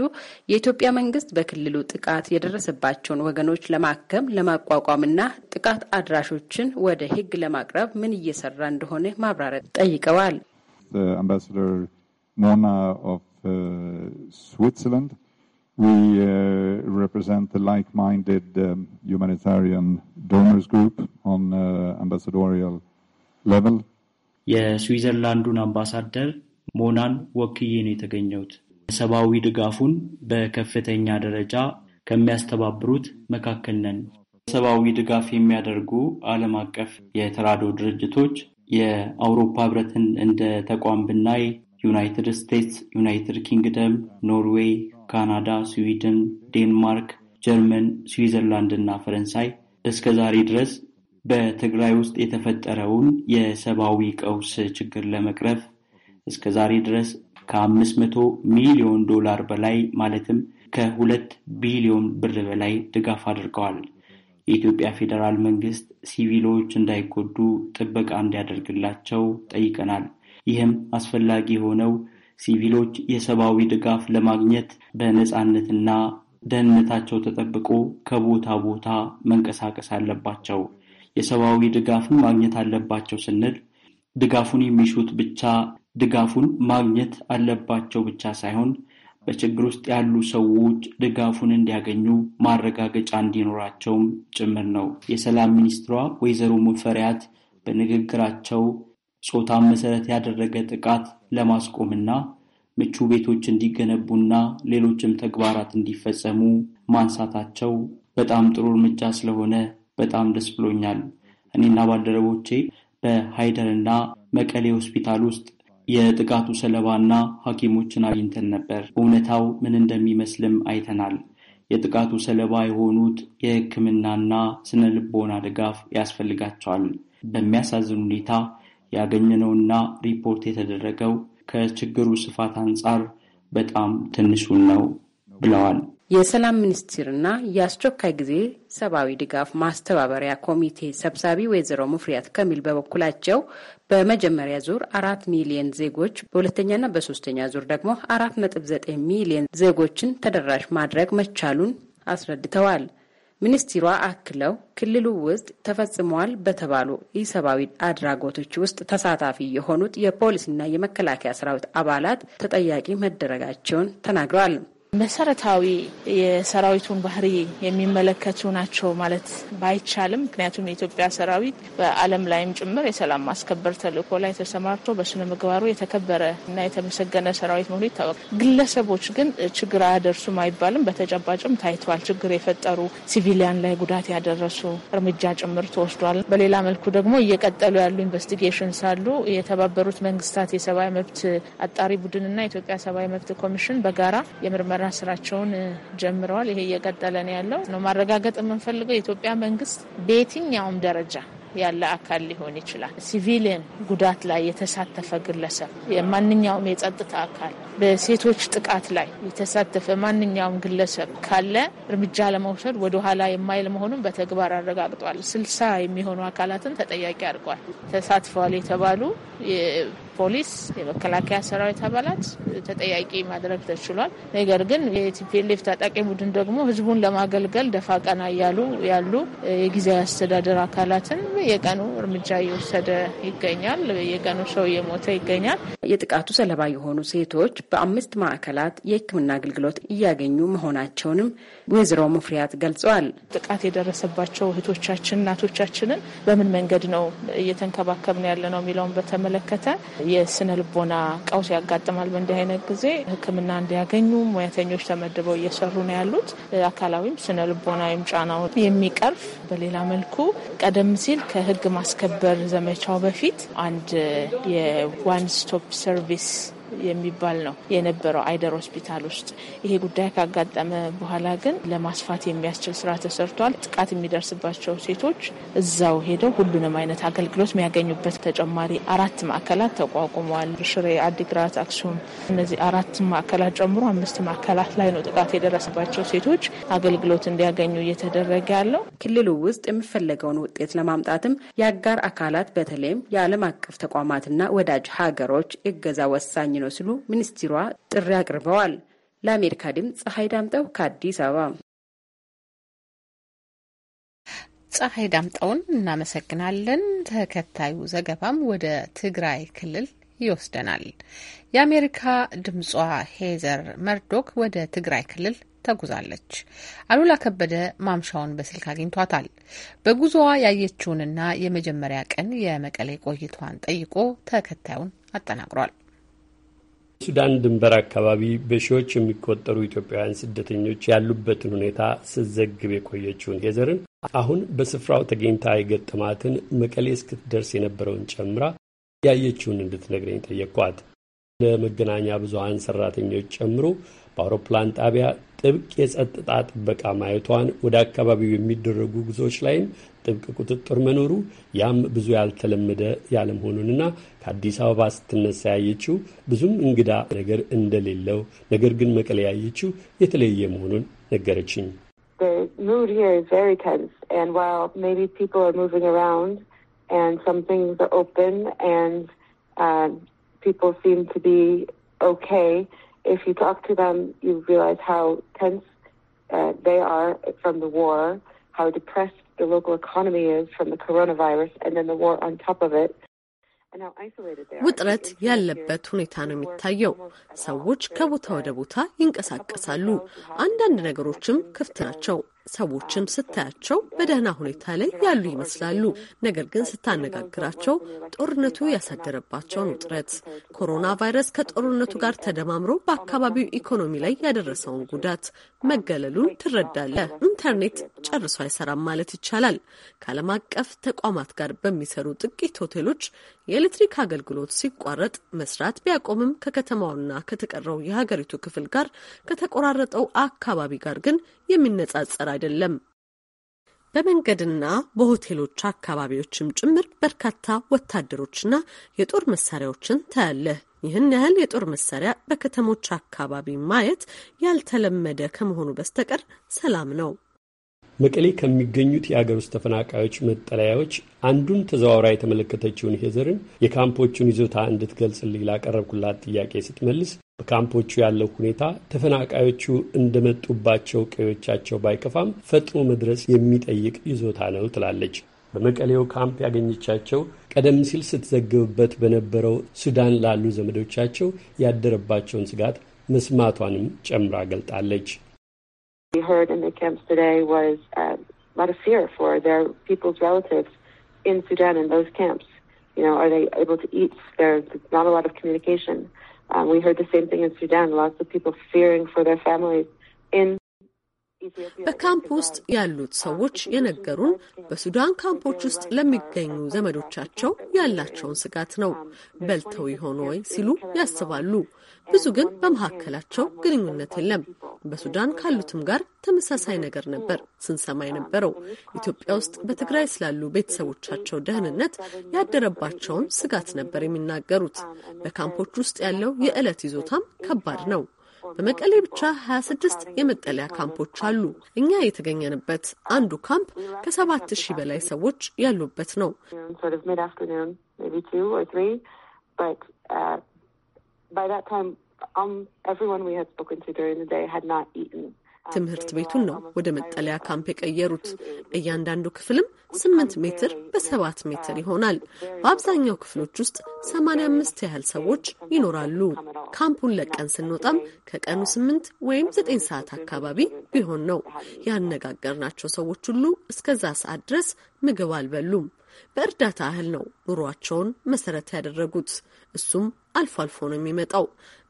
የኢትዮጵያ መንግስት በክልሉ ጥቃት የደረሰባቸውን ወገኖች ለማከም ለማቋቋምና ጥቃት አድራሾችን ወደ ህግ ለማቅረብ ምን እየሰራ እንደሆነ ማብራሪያ ጠይቀዋል። አምባሳደር ሞና ኦፍ ስዊትዘርላንድ We uh, represent the like-minded um, humanitarian donors group on uh, ambassadorial ለምን የስዊዘርላንዱን አምባሳደር ሞናን ወክዬ ነው የተገኘሁት። ሰብአዊ ድጋፉን በከፍተኛ ደረጃ ከሚያስተባብሩት መካከል ነን። የሰብአዊ ድጋፍ የሚያደርጉ ዓለም አቀፍ የተራድኦ ድርጅቶች የአውሮፓ ህብረትን እንደ ተቋም ብናይ ዩናይትድ ስቴትስ፣ ዩናይትድ ኪንግደም፣ ኖርዌይ፣ ካናዳ፣ ስዊድን፣ ዴንማርክ፣ ጀርመን፣ ስዊዘርላንድ እና ፈረንሳይ እስከ ዛሬ ድረስ በትግራይ ውስጥ የተፈጠረውን የሰብአዊ ቀውስ ችግር ለመቅረፍ እስከ ዛሬ ድረስ ከ500 ሚሊዮን ዶላር በላይ ማለትም ከሁለት ቢሊዮን ብር በላይ ድጋፍ አድርገዋል። የኢትዮጵያ ፌዴራል መንግስት ሲቪሎች እንዳይጎዱ ጥበቃ እንዲያደርግላቸው ጠይቀናል። ይህም አስፈላጊ የሆነው ሲቪሎች የሰብአዊ ድጋፍ ለማግኘት በነፃነትና ደህንነታቸው ተጠብቆ ከቦታ ቦታ መንቀሳቀስ አለባቸው። የሰብአዊ ድጋፍን ማግኘት አለባቸው ስንል ድጋፉን የሚሹት ብቻ ድጋፉን ማግኘት አለባቸው ብቻ ሳይሆን በችግር ውስጥ ያሉ ሰዎች ድጋፉን እንዲያገኙ ማረጋገጫ እንዲኖራቸውም ጭምር ነው። የሰላም ሚኒስትሯ ወይዘሮ ሙፈሪያት በንግግራቸው ጾታን መሰረት ያደረገ ጥቃት ለማስቆምና ምቹ ቤቶች እንዲገነቡና ሌሎችም ተግባራት እንዲፈጸሙ ማንሳታቸው በጣም ጥሩ እርምጃ ስለሆነ በጣም ደስ ብሎኛል። እኔና ባልደረቦቼ በሃይደርና መቀሌ ሆስፒታል ውስጥ የጥቃቱ ሰለባና ሐኪሞችን አግኝተን ነበር። እውነታው ምን እንደሚመስልም አይተናል። የጥቃቱ ሰለባ የሆኑት የሕክምናና ስነ ልቦና ድጋፍ ያስፈልጋቸዋል። በሚያሳዝን ሁኔታ ያገኘነውና ሪፖርት የተደረገው ከችግሩ ስፋት አንጻር በጣም ትንሹን ነው ብለዋል። የሰላም ሚኒስቴርና የአስቸኳይ ጊዜ ሰብአዊ ድጋፍ ማስተባበሪያ ኮሚቴ ሰብሳቢ ወይዘሮ ሙፍሪያት ከሚል በበኩላቸው በመጀመሪያ ዙር አራት ሚሊዮን ዜጎች በሁለተኛና በሶስተኛ ዙር ደግሞ አራት ነጥብ ዘጠኝ ሚሊዮን ዜጎችን ተደራሽ ማድረግ መቻሉን አስረድተዋል። ሚኒስትሯ አክለው ክልሉ ውስጥ ተፈጽመዋል በተባሉ ኢሰብአዊ አድራጎቶች ውስጥ ተሳታፊ የሆኑት የፖሊስና የመከላከያ ሰራዊት አባላት ተጠያቂ መደረጋቸውን ተናግረዋል። መሰረታዊ የሰራዊቱን ባህሪ የሚመለከቱ ናቸው ማለት ባይቻልም፣ ምክንያቱም የኢትዮጵያ ሰራዊት በዓለም ላይም ጭምር የሰላም ማስከበር ተልእኮ ላይ ተሰማርቶ በስነ ምግባሩ የተከበረ እና የተመሰገነ ሰራዊት መሆኑ ይታወቃል። ግለሰቦች ግን ችግር አያደርሱም አይባልም። በተጨባጭም ታይቷል። ችግር የፈጠሩ ሲቪሊያን ላይ ጉዳት ያደረሱ እርምጃ ጭምር ተወስዷል። በሌላ መልኩ ደግሞ እየቀጠሉ ያሉ ኢንቨስቲጌሽንስ አሉ። የተባበሩት መንግስታት የሰብአዊ መብት አጣሪ ቡድንና የኢትዮጵያ ሰብአዊ መብት ኮሚሽን በጋራ የምርመራ የፈጠራ ስራቸውን ጀምረዋል። ይሄ እየቀጠለ ነው ያለው ነው። ማረጋገጥ የምንፈልገው የኢትዮጵያ መንግስት በየትኛውም ደረጃ ያለ አካል ሊሆን ይችላል። ሲቪሊየን ጉዳት ላይ የተሳተፈ ግለሰብ፣ የማንኛውም የጸጥታ አካል በሴቶች ጥቃት ላይ የተሳተፈ ማንኛውም ግለሰብ ካለ እርምጃ ለመውሰድ ወደኋላ የማይል መሆኑን በተግባር አረጋግጧል። ስልሳ የሚሆኑ አካላትን ተጠያቂ አድርጓል። ተሳትፈዋል የተባሉ ፖሊስ፣ የመከላከያ ሰራዊት አባላት ተጠያቂ ማድረግ ተችሏል። ነገር ግን የቲፒኤልኤፍ ታጣቂ ቡድን ደግሞ ህዝቡን ለማገልገል ደፋ ቀና እያሉ ያሉ የጊዜያዊ አስተዳደር አካላትን በየቀኑ እርምጃ እየወሰደ ይገኛል። በየቀኑ ሰው እየሞተ ይገኛል። የጥቃቱ ሰለባ የሆኑ ሴቶች በአምስት ማዕከላት የህክምና አገልግሎት እያገኙ መሆናቸውንም ወይዘሮ ሙፍሪያት ገልጸዋል። ጥቃት የደረሰባቸው እህቶቻችን፣ እናቶቻችንን በምን መንገድ ነው እየተንከባከብን ያለ ነው የሚለውን በተመለከተ የስነ ልቦና ቀውስ ያጋጥማል። በእንዲህ አይነት ጊዜ ሕክምና እንዲያገኙ ሙያተኞች ተመድበው እየሰሩ ነው ያሉት። አካላዊም ስነ ልቦናዊም ጫናው የሚቀርፍ በሌላ መልኩ ቀደም ሲል ከህግ ማስከበር ዘመቻው በፊት አንድ የዋን ስቶፕ ሰርቪስ የሚባል ነው የነበረው አይደር ሆስፒታል ውስጥ። ይሄ ጉዳይ ካጋጠመ በኋላ ግን ለማስፋት የሚያስችል ስራ ተሰርቷል። ጥቃት የሚደርስባቸው ሴቶች እዛው ሄደው ሁሉንም አይነት አገልግሎት የሚያገኙበት ተጨማሪ አራት ማዕከላት ተቋቁመዋል። ሽሬ፣ አዲግራት፣ አክሱም እነዚህ አራት ማዕከላት ጨምሮ አምስት ማዕከላት ላይ ነው ጥቃት የደረሰባቸው ሴቶች አገልግሎት እንዲያገኙ እየተደረገ ያለው። ክልሉ ውስጥ የሚፈለገውን ውጤት ለማምጣትም የአጋር አካላት በተለይም የዓለም አቀፍ ተቋማትና ወዳጅ ሀገሮች እገዛ ወሳኝ ነው ሲሉ ሚኒስትሯ ጥሪ አቅርበዋል። ለአሜሪካ ድምፅ ፀሐይ ዳምጠው ከአዲስ አበባ። ፀሐይ ዳምጠውን እናመሰግናለን። ተከታዩ ዘገባም ወደ ትግራይ ክልል ይወስደናል። የአሜሪካ ድምጿ ሄዘር መርዶክ ወደ ትግራይ ክልል ተጉዛለች። አሉላ ከበደ ማምሻውን በስልክ አግኝቷታል። በጉዞዋ ያየችውንና የመጀመሪያ ቀን የመቀሌ ቆይቷን ጠይቆ ተከታዩን አጠናቅሯል። ሱዳን ድንበር አካባቢ በሺዎች የሚቆጠሩ ኢትዮጵያውያን ስደተኞች ያሉበትን ሁኔታ ስትዘግብ የቆየችውን ሄዘርን አሁን በስፍራው ተገኝታ የገጠማትን መቀሌ እስክትደርስ የነበረውን ጨምራ ያየችውን እንድትነግረኝ ጠየቅኳት። ለመገናኛ ብዙኃን ሰራተኞች ጨምሮ በአውሮፕላን ጣቢያ ጥብቅ የጸጥታ ጥበቃ ማየቷን፣ ወደ አካባቢው የሚደረጉ ጉዞዎች ላይም ጥብቅ ቁጥጥር መኖሩ ያም ብዙ ያልተለመደ ያለመሆኑንና ከአዲስ አበባ ስትነሳ ያየችው ብዙም እንግዳ ነገር እንደሌለው ነገር ግን መቀሌ ያየችው የተለየ መሆኑን ነገረችኝ። ሪላይዝ the local economy is from the coronavirus and then the war on top of it. ውጥረት ያለበት ሁኔታ ነው የሚታየው። ሰዎች ከቦታ ወደ ቦታ ይንቀሳቀሳሉ። አንዳንድ ነገሮችም ክፍት ናቸው። ሰዎችም ስታያቸው በደህና ሁኔታ ላይ ያሉ ይመስላሉ። ነገር ግን ስታነጋግራቸው ጦርነቱ ያሳደረባቸውን ውጥረት፣ ኮሮና ቫይረስ ከጦርነቱ ጋር ተደማምሮ በአካባቢው ኢኮኖሚ ላይ ያደረሰውን ጉዳት፣ መገለሉን ትረዳለህ። ኢንተርኔት ጨርሶ አይሰራም ማለት ይቻላል። ከዓለም አቀፍ ተቋማት ጋር በሚሰሩ ጥቂት ሆቴሎች የኤሌክትሪክ አገልግሎት ሲቋረጥ መስራት ቢያቆምም ከከተማውና ከተቀረው የሀገሪቱ ክፍል ጋር ከተቆራረጠው አካባቢ ጋር ግን የሚነጻጸር አይደለም። በመንገድና በሆቴሎች አካባቢዎችም ጭምር በርካታ ወታደሮችና የጦር መሳሪያዎችን ታያለህ። ይህን ያህል የጦር መሳሪያ በከተሞች አካባቢ ማየት ያልተለመደ ከመሆኑ በስተቀር ሰላም ነው። መቀሌ ከሚገኙት የአገር ውስጥ ተፈናቃዮች መጠለያዎች አንዱን ተዘዋውራ የተመለከተችውን ሄዘርን የካምፖቹን ይዞታ እንድትገልጽልኝ ላቀረብኩላት ጥያቄ ስትመልስ በካምፖቹ ያለው ሁኔታ ተፈናቃዮቹ እንደመጡባቸው ቀዮቻቸው ባይከፋም ፈጥኖ መድረስ የሚጠይቅ ይዞታ ነው ትላለች። በመቀሌው ካምፕ ያገኘቻቸው ቀደም ሲል ስትዘግብበት በነበረው ሱዳን ላሉ ዘመዶቻቸው ያደረባቸውን ስጋት መስማቷንም ጨምራ ገልጣለች። ሱዳን Um, we heard the same thing in Sudan. Lots of people fearing for their families in በካምፕ ውስጥ ያሉት ሰዎች የነገሩን በሱዳን ካምፖች ውስጥ ለሚገኙ ዘመዶቻቸው ያላቸውን ስጋት ነው። በልተው ይሆን ወይ ሲሉ ያስባሉ። ብዙ ግን በመካከላቸው ግንኙነት የለም። በሱዳን ካሉትም ጋር ተመሳሳይ ነገር ነበር ስንሰማ የነበረው። ኢትዮጵያ ውስጥ በትግራይ ስላሉ ቤተሰቦቻቸው ደህንነት ያደረባቸውን ስጋት ነበር የሚናገሩት። በካምፖች ውስጥ ያለው የዕለት ይዞታም ከባድ ነው። በመቀሌ ብቻ 26 የመጠለያ ካምፖች አሉ። እኛ የተገኘንበት አንዱ ካምፕ 7 ሺህ በላይ ሰዎች ያሉበት ነው። Um, um, ትምህርት ቤቱን ነው ወደ መጠለያ ካምፕ የቀየሩት። እያንዳንዱ ክፍልም ስምንት ሜትር በሰባት ሜትር ይሆናል። በአብዛኛው ክፍሎች ውስጥ ሰማንያ አምስት ያህል ሰዎች ይኖራሉ። ካምፑን ለቀን ስንወጣም ከቀኑ um, ስምንት ወይም ዘጠኝ ሰዓት አካባቢ ቢሆን ነው። ያነጋገርናቸው ሰዎች ሁሉ እስከዛ ሰዓት ድረስ ምግብ አልበሉም። በእርዳታ እህል ነው ኑሯቸውን መሰረት ያደረጉት። እሱም አልፎ አልፎ ነው የሚመጣው።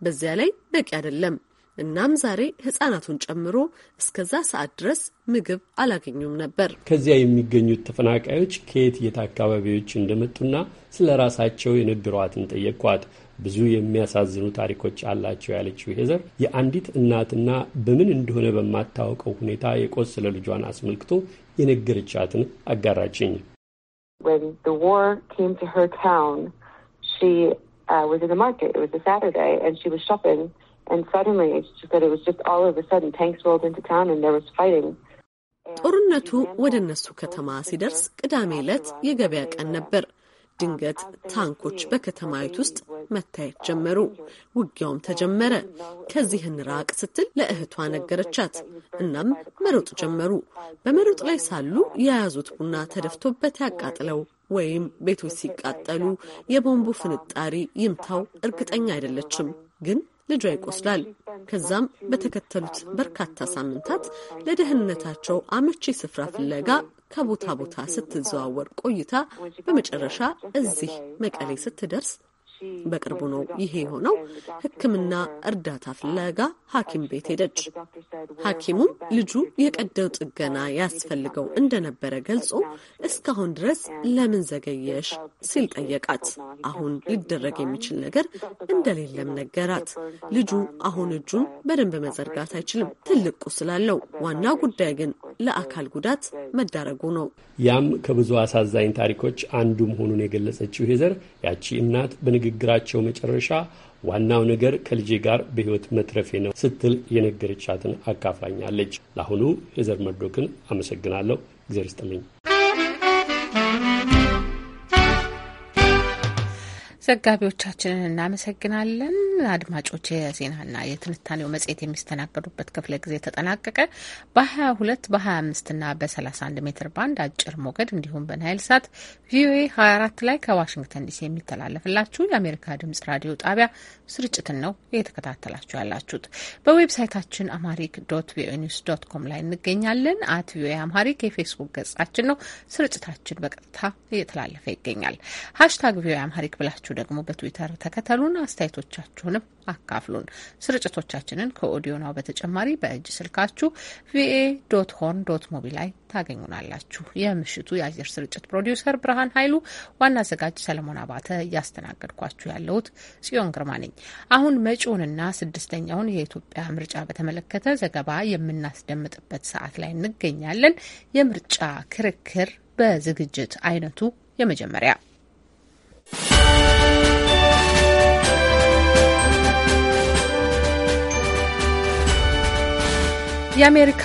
በዚያ ላይ በቂ አይደለም። እናም ዛሬ ህጻናቱን ጨምሮ እስከዛ ሰዓት ድረስ ምግብ አላገኙም ነበር። ከዚያ የሚገኙት ተፈናቃዮች ከየት የት አካባቢዎች እንደመጡና ስለ ራሳቸው የነግሯትን ጠየቅኳት። ብዙ የሚያሳዝኑ ታሪኮች አላቸው ያለችው ሄዘር የአንዲት እናትና በምን እንደሆነ በማታወቀው ሁኔታ የቆሰለ ልጇን አስመልክቶ የነገረቻትን አጋራችኝ። when the war came to her town, she uh, was in the market. It was a Saturday, and she was shopping. And suddenly, she said it was just all of a sudden, tanks rolled into town, and there was fighting. ጦርነቱ ወደ እነሱ ከተማ ሲደርስ ቅዳሜ ዕለት የገበያ ቀን ነበር። ድንገት ታንኮች በከተማይቱ ውስጥ መታየት ጀመሩ። ውጊያውም ተጀመረ። ከዚህ እንራቅ ስትል ለእህቷ ነገረቻት። እናም መሮጥ ጀመሩ። በመሮጥ ላይ ሳሉ የያዙት ቡና ተደፍቶበት ያቃጥለው ወይም ቤቶች ሲቃጠሉ የቦምቡ ፍንጣሪ ይምታው እርግጠኛ አይደለችም። ግን ልጇ ይቆስላል። ከዛም በተከተሉት በርካታ ሳምንታት ለደህንነታቸው አመቺ ስፍራ ፍለጋ ከቦታ ቦታ ስትዘዋወር ቆይታ በመጨረሻ እዚህ መቀሌ ስትደርስ በቅርቡ ነው ይሄ የሆነው። ሕክምና uh, እርዳታ uh, ፍለጋ ሐኪም ቤት ሄደች። uh, ሐኪሙም ልጁ የቀደው ጥገና ያስፈልገው እንደነበረ ገልጾ እስካሁን ድረስ ለምን ዘገየሽ ሲል ጠየቃት። አሁን ሊደረግ የሚችል ነገር እንደሌለም ነገራት። ልጁ አሁን እጁን በደንብ መዘርጋት አይችልም፣ ትልቅ ቁስል አለው። ዋና ጉዳይ ግን ለአካል ጉዳት መዳረጉ ነው። ያም ከብዙ አሳዛኝ ታሪኮች አንዱ መሆኑን የገለጸችው ሄዘር ያቺ እናት በንግግ ንግግራቸው መጨረሻ ዋናው ነገር ከልጄ ጋር በሕይወት መትረፌ ነው ስትል የነገረቻትን አካፍላኛለች። ለአሁኑ የዘር መዶክን አመሰግናለሁ። እግዜር ይስጥልኝ። ዘጋቢዎቻችንን እናመሰግናለን። አድማጮች፣ የዜናና የትንታኔው መጽሔት የሚስተናገዱበት ክፍለ ጊዜ ተጠናቀቀ። በ22 በ25ና በ31 ሜትር ባንድ አጭር ሞገድ እንዲሁም በናይል ሳት ቪኦኤ 24 ላይ ከዋሽንግተን ዲሲ የሚተላለፍላችሁ የአሜሪካ ድምጽ ራዲዮ ጣቢያ ስርጭትን ነው እየተከታተላችሁ ያላችሁት። በዌብሳይታችን አማሪክ ዶት ቪኦኤ ኒውስ ዶት ኮም ላይ እንገኛለን። አት ቪኦኤ አማሪክ የፌስቡክ ገጻችን ነው። ስርጭታችን በቀጥታ እየተላለፈ ይገኛል። ሀሽታግ ቪኦኤ አማሪክ ብላችሁ ደግሞ በትዊተር ተከተሉን፣ አስተያየቶቻችሁንም አካፍሉን። ስርጭቶቻችንን ከኦዲዮ ናው በተጨማሪ በእጅ ስልካችሁ ቪኤ ዶት ሆርን ዶት ሞቢ ላይ ታገኙናላችሁ። የምሽቱ የአየር ስርጭት ፕሮዲውሰር ብርሃን ኃይሉ፣ ዋና አዘጋጅ ሰለሞን አባተ፣ እያስተናገድኳችሁ ያለሁት ጽዮን ግርማ ነኝ። አሁን መጪውንና ስድስተኛውን የኢትዮጵያ ምርጫ በተመለከተ ዘገባ የምናስደምጥበት ሰዓት ላይ እንገኛለን። የምርጫ ክርክር በዝግጅት አይነቱ የመጀመሪያ የአሜሪካ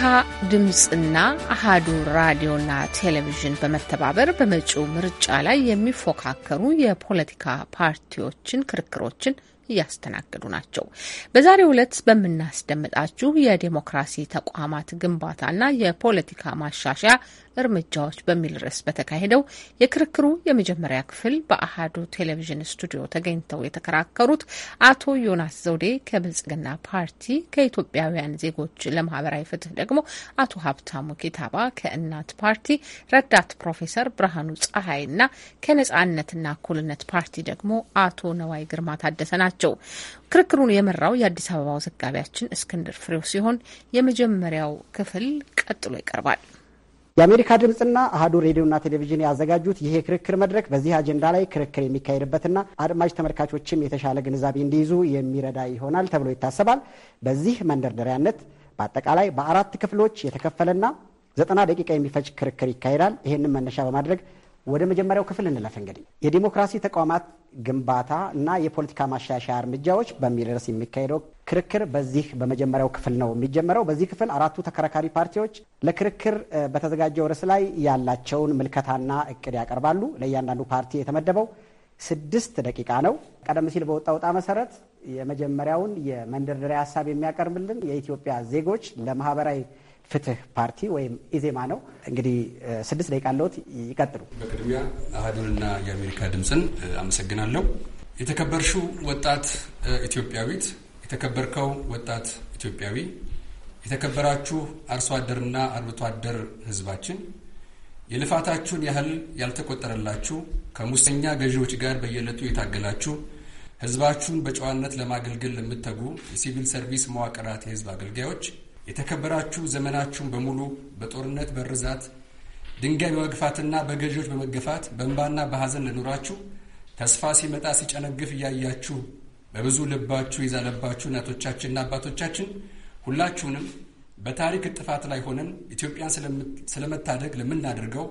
ድምፅና አሃዱ ራዲዮና ቴሌቪዥን በመተባበር በመጪው ምርጫ ላይ የሚፎካከሩ የፖለቲካ ፓርቲዎችን ክርክሮችን እያስተናገዱ ናቸው። በዛሬው ዕለት በምናስደምጣችሁ የዴሞክራሲ ተቋማት ግንባታና የፖለቲካ ማሻሻያ እርምጃዎች በሚል ርዕስ በተካሄደው የክርክሩ የመጀመሪያ ክፍል በአሃዱ ቴሌቪዥን ስቱዲዮ ተገኝተው የተከራከሩት አቶ ዮናስ ዘውዴ ከብልጽግና ፓርቲ፣ ከኢትዮጵያውያን ዜጎች ለማህበራዊ ፍትህ ደግሞ አቶ ሀብታሙ ኪታባ ከእናት ፓርቲ ረዳት ፕሮፌሰር ብርሃኑ ፀሐይና ከነጻነትና እኩልነት ፓርቲ ደግሞ አቶ ነዋይ ግርማ ታደሰ ናቸው። ክርክሩን የመራው የአዲስ አበባው ዘጋቢያችን እስክንድር ፍሬው ሲሆን የመጀመሪያው ክፍል ቀጥሎ ይቀርባል። የአሜሪካ ድምፅና አህዱ ሬዲዮና ቴሌቪዥን ያዘጋጁት ይህ የክርክር መድረክ በዚህ አጀንዳ ላይ ክርክር የሚካሄድበትና አድማጭ ተመልካቾችም የተሻለ ግንዛቤ እንዲይዙ የሚረዳ ይሆናል ተብሎ ይታሰባል። በዚህ መንደርደሪያነት በአጠቃላይ በአራት ክፍሎች የተከፈለና ዘጠና ደቂቃ የሚፈጅ ክርክር ይካሄዳል። ይህንን መነሻ በማድረግ ወደ መጀመሪያው ክፍል እንለፍ። እንግዲህ የዲሞክራሲ ተቋማት ግንባታ እና የፖለቲካ ማሻሻያ እርምጃዎች በሚል ርዕስ የሚካሄደው ክርክር በዚህ በመጀመሪያው ክፍል ነው የሚጀመረው። በዚህ ክፍል አራቱ ተከራካሪ ፓርቲዎች ለክርክር በተዘጋጀው ርዕስ ላይ ያላቸውን ምልከታና እቅድ ያቀርባሉ። ለእያንዳንዱ ፓርቲ የተመደበው ስድስት ደቂቃ ነው። ቀደም ሲል በወጣ መሰረት የመጀመሪያውን የመንደርደሪያ ሀሳብ የሚያቀርብልን የኢትዮጵያ ዜጎች ለማህበራዊ ፍትህ ፓርቲ ወይም ኢዜማ ነው። እንግዲህ ስድስት ደቂቃ አለዎት፣ ይቀጥሉ። በቅድሚያ አህዱንና የአሜሪካ ድምፅን አመሰግናለሁ። የተከበርሽው ወጣት ኢትዮጵያዊት፣ የተከበርከው ወጣት ኢትዮጵያዊ፣ የተከበራችሁ አርሶ አደርና አርብቶ አደር ህዝባችን የልፋታችሁን ያህል ያልተቆጠረላችሁ ከሙሰኛ ገዢዎች ጋር በየዕለቱ የታገላችሁ ህዝባችሁን በጨዋነት ለማገልገል ለምትተጉ የሲቪል ሰርቪስ መዋቅራት የህዝብ አገልጋዮች የተከበራችሁ ዘመናችሁን በሙሉ በጦርነት በርዛት ድንጋይ በመግፋትና በገዢዎች በመገፋት በእንባና በሐዘን ለኖራችሁ ተስፋ ሲመጣ ሲጨነግፍ እያያችሁ በብዙ ልባችሁ የዛለባችሁ እናቶቻችንና አባቶቻችን ሁላችሁንም በታሪክ እጥፋት ላይ ሆነን ኢትዮጵያን ስለመታደግ ለምናደርገው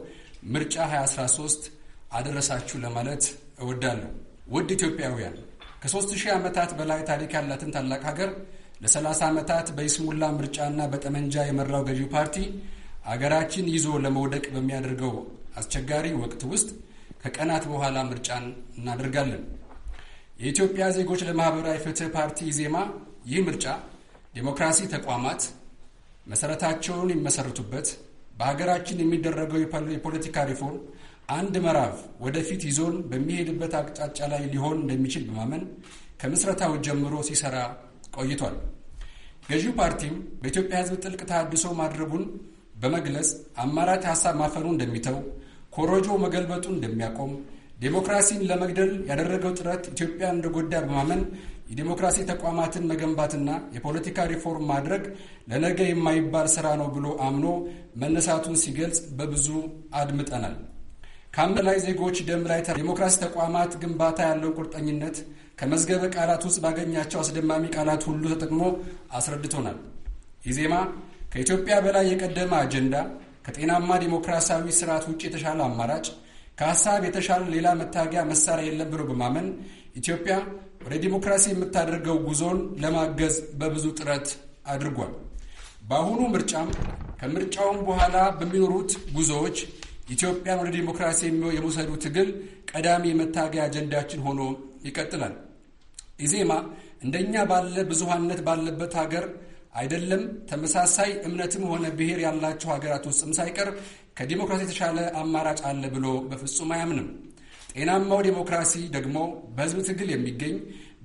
ምርጫ 2013 አደረሳችሁ ለማለት እወዳለሁ። ውድ ኢትዮጵያውያን ከ3000 ዓመታት በላይ ታሪክ ያላትን ታላቅ ሀገር ለ30 ዓመታት በይስሙላ ምርጫና በጠመንጃ የመራው ገዢው ፓርቲ አገራችን ይዞ ለመውደቅ በሚያደርገው አስቸጋሪ ወቅት ውስጥ ከቀናት በኋላ ምርጫን እናደርጋለን። የኢትዮጵያ ዜጎች ለማኅበራዊ ፍትህ ፓርቲ ዜማ ይህ ምርጫ ዴሞክራሲ ተቋማት መሠረታቸውን የሚመሰርቱበት በሀገራችን የሚደረገው የፖለቲካ ሪፎርም አንድ ምዕራፍ ወደፊት ይዞን በሚሄድበት አቅጣጫ ላይ ሊሆን እንደሚችል በማመን ከምስረታው ጀምሮ ሲሰራ ቆይቷል። ገዢው ፓርቲም በኢትዮጵያ ሕዝብ ጥልቅ ተሃድሶ ማድረጉን በመግለጽ አማራጭ ሀሳብ ማፈኑ እንደሚተው፣ ኮሮጆ መገልበጡ እንደሚያቆም፣ ዴሞክራሲን ለመግደል ያደረገው ጥረት ኢትዮጵያን እንደጎዳ በማመን የዴሞክራሲ ተቋማትን መገንባትና የፖለቲካ ሪፎርም ማድረግ ለነገ የማይባል ስራ ነው ብሎ አምኖ መነሳቱን ሲገልጽ በብዙ አድምጠናል። ከአምስት ዜጎች ደም ላይ ዴሞክራሲ ተቋማት ግንባታ ያለው ቁርጠኝነት ከመዝገበ ቃላት ውስጥ ባገኛቸው አስደማሚ ቃላት ሁሉ ተጠቅሞ አስረድቶናል። ኢዜማ ከኢትዮጵያ በላይ የቀደመ አጀንዳ፣ ከጤናማ ዲሞክራሲያዊ ስርዓት ውጭ የተሻለ አማራጭ፣ ከሀሳብ የተሻለ ሌላ መታገያ መሳሪያ የለም ብሎ በማመን ኢትዮጵያ ወደ ዲሞክራሲ የምታደርገው ጉዞን ለማገዝ በብዙ ጥረት አድርጓል። በአሁኑ ምርጫም ከምርጫውም በኋላ በሚኖሩት ጉዞዎች ኢትዮጵያን ወደ ዲሞክራሲ የመውሰዱ ትግል ቀዳሚ የመታገያ አጀንዳችን ሆኖ ይቀጥላል። ኢዜማ እንደኛ ባለ ብዙሃነት ባለበት ሀገር አይደለም ተመሳሳይ እምነትም ሆነ ብሔር ያላቸው ሀገራት ውስጥም ሳይቀር ከዲሞክራሲ የተሻለ አማራጭ አለ ብሎ በፍጹም አያምንም። ጤናማው ዲሞክራሲ ደግሞ በህዝብ ትግል የሚገኝ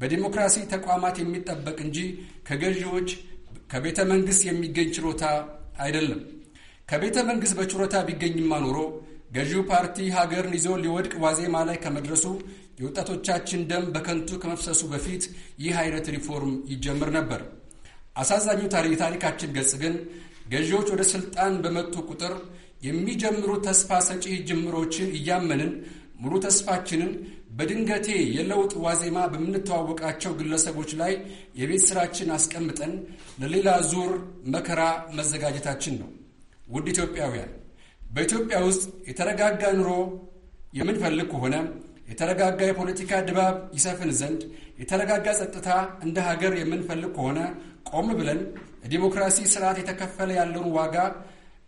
በዲሞክራሲ ተቋማት የሚጠበቅ እንጂ ከገዢዎች ከቤተ መንግስት የሚገኝ ችሮታ አይደለም። ከቤተ መንግስት በችሮታ ቢገኝማ ኖሮ ገዢው ፓርቲ ሀገርን ይዞ ሊወድቅ ዋዜማ ላይ ከመድረሱ የወጣቶቻችን ደም በከንቱ ከመፍሰሱ በፊት ይህ አይነት ሪፎርም ይጀምር ነበር። አሳዛኙ የታሪካችን ገጽ ግን ገዢዎች ወደ ስልጣን በመጡ ቁጥር የሚጀምሩ ተስፋ ሰጪ ጅምሮችን እያመንን ሙሉ ተስፋችንን በድንገቴ የለውጥ ዋዜማ በምንተዋወቃቸው ግለሰቦች ላይ የቤት ስራችን አስቀምጠን ለሌላ ዙር መከራ መዘጋጀታችን ነው። ውድ ኢትዮጵያውያን፣ በኢትዮጵያ ውስጥ የተረጋጋ ኑሮ የምንፈልግ ከሆነ የተረጋጋ የፖለቲካ ድባብ ይሰፍን ዘንድ የተረጋጋ ጸጥታ እንደ ሀገር የምንፈልግ ከሆነ ቆም ብለን የዲሞክራሲ ስርዓት የተከፈለ ያለውን ዋጋ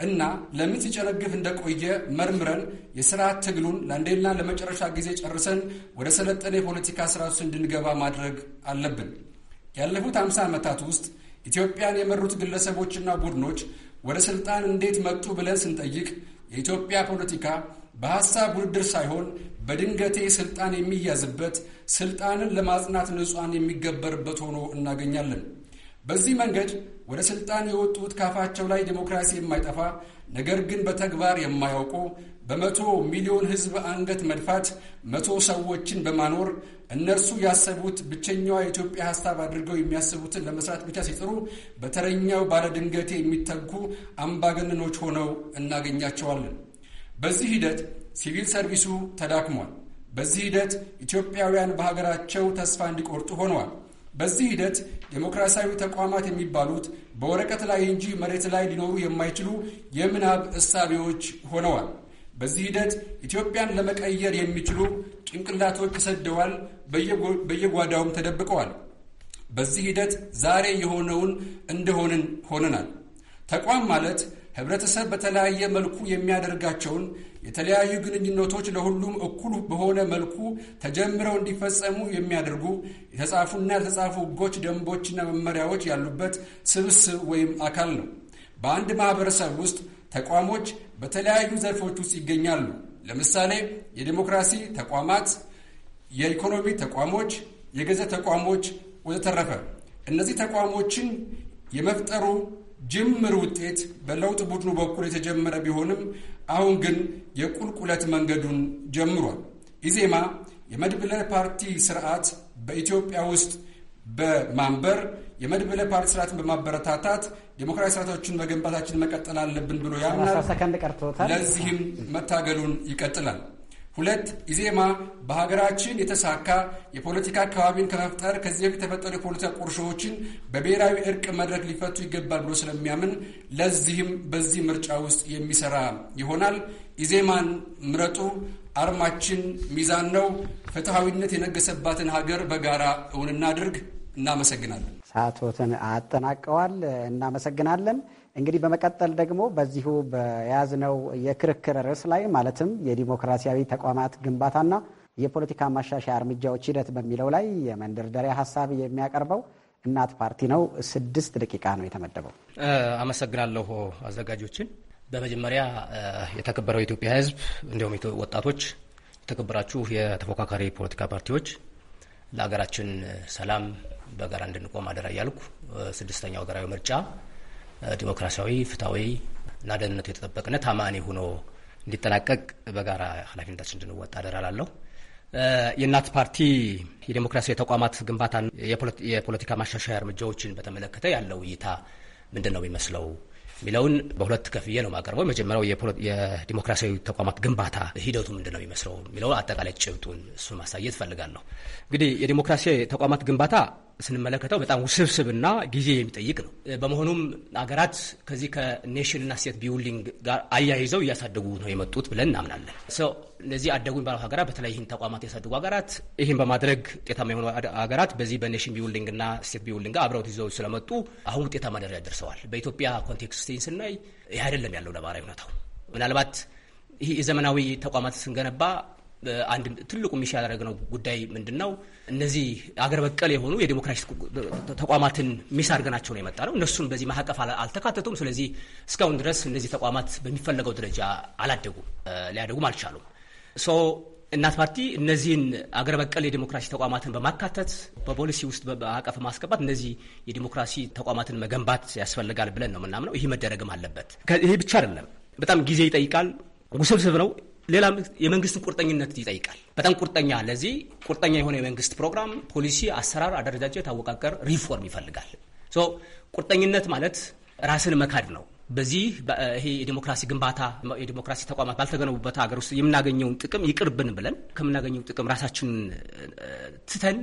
እና ለምን ሲጨነግፍ እንደቆየ መርምረን የስርዓት ትግሉን ለአንዴና ለመጨረሻ ጊዜ ጨርሰን ወደ ሰለጠነ የፖለቲካ ስርዓት ውስጥ እንድንገባ ማድረግ አለብን። ያለፉት አምሳ ዓመታት ውስጥ ኢትዮጵያን የመሩት ግለሰቦችና ቡድኖች ወደ ስልጣን እንዴት መጡ ብለን ስንጠይቅ የኢትዮጵያ ፖለቲካ በሐሳብ ውድድር ሳይሆን በድንገቴ ስልጣን የሚያዝበት ስልጣንን ለማጽናት ንጹሐን የሚገበርበት ሆኖ እናገኛለን። በዚህ መንገድ ወደ ስልጣን የወጡት ካፋቸው ላይ ዲሞክራሲ የማይጠፋ ነገር ግን በተግባር የማያውቁ በመቶ ሚሊዮን ሕዝብ አንገት መድፋት መቶ ሰዎችን በማኖር እነርሱ ያሰቡት ብቸኛዋ የኢትዮጵያ ሀሳብ አድርገው የሚያስቡትን ለመስራት ብቻ ሲጥሩ በተረኛው ባለድንገቴ ድንገቴ የሚተጉ አምባገነኖች ሆነው እናገኛቸዋለን። በዚህ ሂደት ሲቪል ሰርቪሱ ተዳክሟል። በዚህ ሂደት ኢትዮጵያውያን በሀገራቸው ተስፋ እንዲቆርጡ ሆነዋል። በዚህ ሂደት ዴሞክራሲያዊ ተቋማት የሚባሉት በወረቀት ላይ እንጂ መሬት ላይ ሊኖሩ የማይችሉ የምናብ እሳቤዎች ሆነዋል። በዚህ ሂደት ኢትዮጵያን ለመቀየር የሚችሉ ጭንቅላቶች ተሰደዋል፣ በየጓዳውም ተደብቀዋል። በዚህ ሂደት ዛሬ የሆነውን እንደሆንን ሆነናል። ተቋም ማለት ህብረተሰብ በተለያየ መልኩ የሚያደርጋቸውን የተለያዩ ግንኙነቶች ለሁሉም እኩል በሆነ መልኩ ተጀምረው እንዲፈጸሙ የሚያደርጉ የተጻፉና ያልተጻፉ ህጎች፣ ደንቦችና መመሪያዎች ያሉበት ስብስብ ወይም አካል ነው። በአንድ ማህበረሰብ ውስጥ ተቋሞች በተለያዩ ዘርፎች ውስጥ ይገኛሉ። ለምሳሌ የዲሞክራሲ ተቋማት፣ የኢኮኖሚ ተቋሞች፣ የገዘ ተቋሞች ወዘተረፈ። እነዚህ ተቋሞችን የመፍጠሩ ጅምር ውጤት በለውጥ ቡድኑ በኩል የተጀመረ ቢሆንም አሁን ግን የቁልቁለት መንገዱን ጀምሯል። ኢዜማ የመድብለ ፓርቲ ስርዓት በኢትዮጵያ ውስጥ በማንበር የመድብለ ፓርቲ ስርዓትን በማበረታታት ዴሞክራሲ ስርዓቶችን መገንባታችን መቀጠል አለብን ብሎ ያምናል። ለዚህም መታገሉን ይቀጥላል። ሁለት ኢዜማ በሀገራችን የተሳካ የፖለቲካ አካባቢን ከመፍጠር ከዚህ በፊት የተፈጠሩ የፖለቲካ ቁርሾዎችን በብሔራዊ እርቅ መድረክ ሊፈቱ ይገባል ብሎ ስለሚያምን ለዚህም በዚህ ምርጫ ውስጥ የሚሰራ ይሆናል። ኢዜማን ምረጡ። አርማችን ሚዛን ነው። ፍትሐዊነት የነገሰባትን ሀገር በጋራ እውን እናድርግ። እናመሰግናለን። ሰዓቶትን አጠናቀዋል። እናመሰግናለን። እንግዲህ በመቀጠል ደግሞ በዚሁ በያዝነው የክርክር ርዕስ ላይ ማለትም የዲሞክራሲያዊ ተቋማት ግንባታና የፖለቲካ ማሻሻያ እርምጃዎች ሂደት በሚለው ላይ የመንደርደሪያ ሀሳብ የሚያቀርበው እናት ፓርቲ ነው። ስድስት ደቂቃ ነው የተመደበው። አመሰግናለሁ አዘጋጆችን። በመጀመሪያ የተከበረው የኢትዮጵያ ሕዝብ እንዲሁም ወጣቶች፣ የተከበራችሁ የተፎካካሪ ፖለቲካ ፓርቲዎች ለሀገራችን ሰላም በጋራ እንድንቆም አደራ እያልኩ ስድስተኛው ሀገራዊ ምርጫ ዲሞክራሲያዊ፣ ፍትሐዊ እና ደህንነቱ የተጠበቀና ታማኒ ሆኖ እንዲጠናቀቅ በጋራ ኃላፊነታችን እንድንወጣ አደራ ላለሁ። የእናት ፓርቲ የዴሞክራሲያዊ ተቋማት ግንባታ የፖለቲካ ማሻሻያ እርምጃዎችን በተመለከተ ያለው እይታ ምንድን ነው የሚመስለው የሚለውን በሁለት ከፍዬ ነው የማቀርበው። የመጀመሪያው የዲሞክራሲያዊ ተቋማት ግንባታ ሂደቱ ምንድን ነው የሚመስለው የሚለው አጠቃላይ ጭብጡን እሱን ማሳየት እፈልጋለሁ። እንግዲህ የዲሞክራሲያዊ ተቋማት ግንባታ ስንመለከተው በጣም ውስብስብና ጊዜ የሚጠይቅ ነው። በመሆኑም አገራት ከዚህ ከኔሽንና ስቴት ቢውልዲንግ ጋር አያይዘው እያሳደጉ ነው የመጡት ብለን እናምናለን። እነዚህ አደጉ የሚባሉ ሀገራት በተለይ ይህን ተቋማት ያሳደጉ ሀገራት ይህን በማድረግ ውጤታማ የሆኑ ሀገራት በዚህ በኔሽን ቢውልዲንግና ስቴት ቢውልዲንግ ጋር አብረው ይዘው ስለመጡ አሁን ውጤታማ ደረጃ ደርሰዋል። በኢትዮጵያ ኮንቴክስት ስናይ ይህ አይደለም ያለው ነባራዊ ሁኔታው ምናልባት ይህ የዘመናዊ ተቋማት ስንገነባ አንድ ትልቁ ሚሽ ያደረግነው ጉዳይ ምንድን ነው? እነዚህ አገር በቀል የሆኑ የዴሞክራሲ ተቋማትን ሚስ አድርገናቸው ነው የመጣ ነው። እነሱን በዚህ ማዕቀፍ አልተካተቱም። ስለዚህ እስካሁን ድረስ እነዚህ ተቋማት በሚፈለገው ደረጃ አላደጉም፣ ሊያደጉም አልቻሉም። ሶ እናት ፓርቲ እነዚህን አገር በቀል የዲሞክራሲ ተቋማትን በማካተት በፖሊሲ ውስጥ በማዕቀፍ ማስገባት እነዚህ የዲሞክራሲ ተቋማትን መገንባት ያስፈልጋል ብለን ነው የምናምነው። ይህ መደረግም አለበት። ይሄ ብቻ አይደለም፣ በጣም ጊዜ ይጠይቃል፣ ውስብስብ ነው። ሌላ የመንግስትን ቁርጠኝነት ይጠይቃል። በጣም ቁርጠኛ ለዚህ ቁርጠኛ የሆነ የመንግስት ፕሮግራም፣ ፖሊሲ፣ አሰራር፣ አደረጃጀት፣ አወቃቀር ሪፎርም ይፈልጋል። ሶ ቁርጠኝነት ማለት ራስን መካድ ነው። በዚህ ይሄ የዲሞክራሲ ግንባታ የዲሞክራሲ ተቋማት ባልተገነቡበት ሀገር ውስጥ የምናገኘውን ጥቅም ይቅርብን ብለን ከምናገኘው ጥቅም ራሳችንን ትተን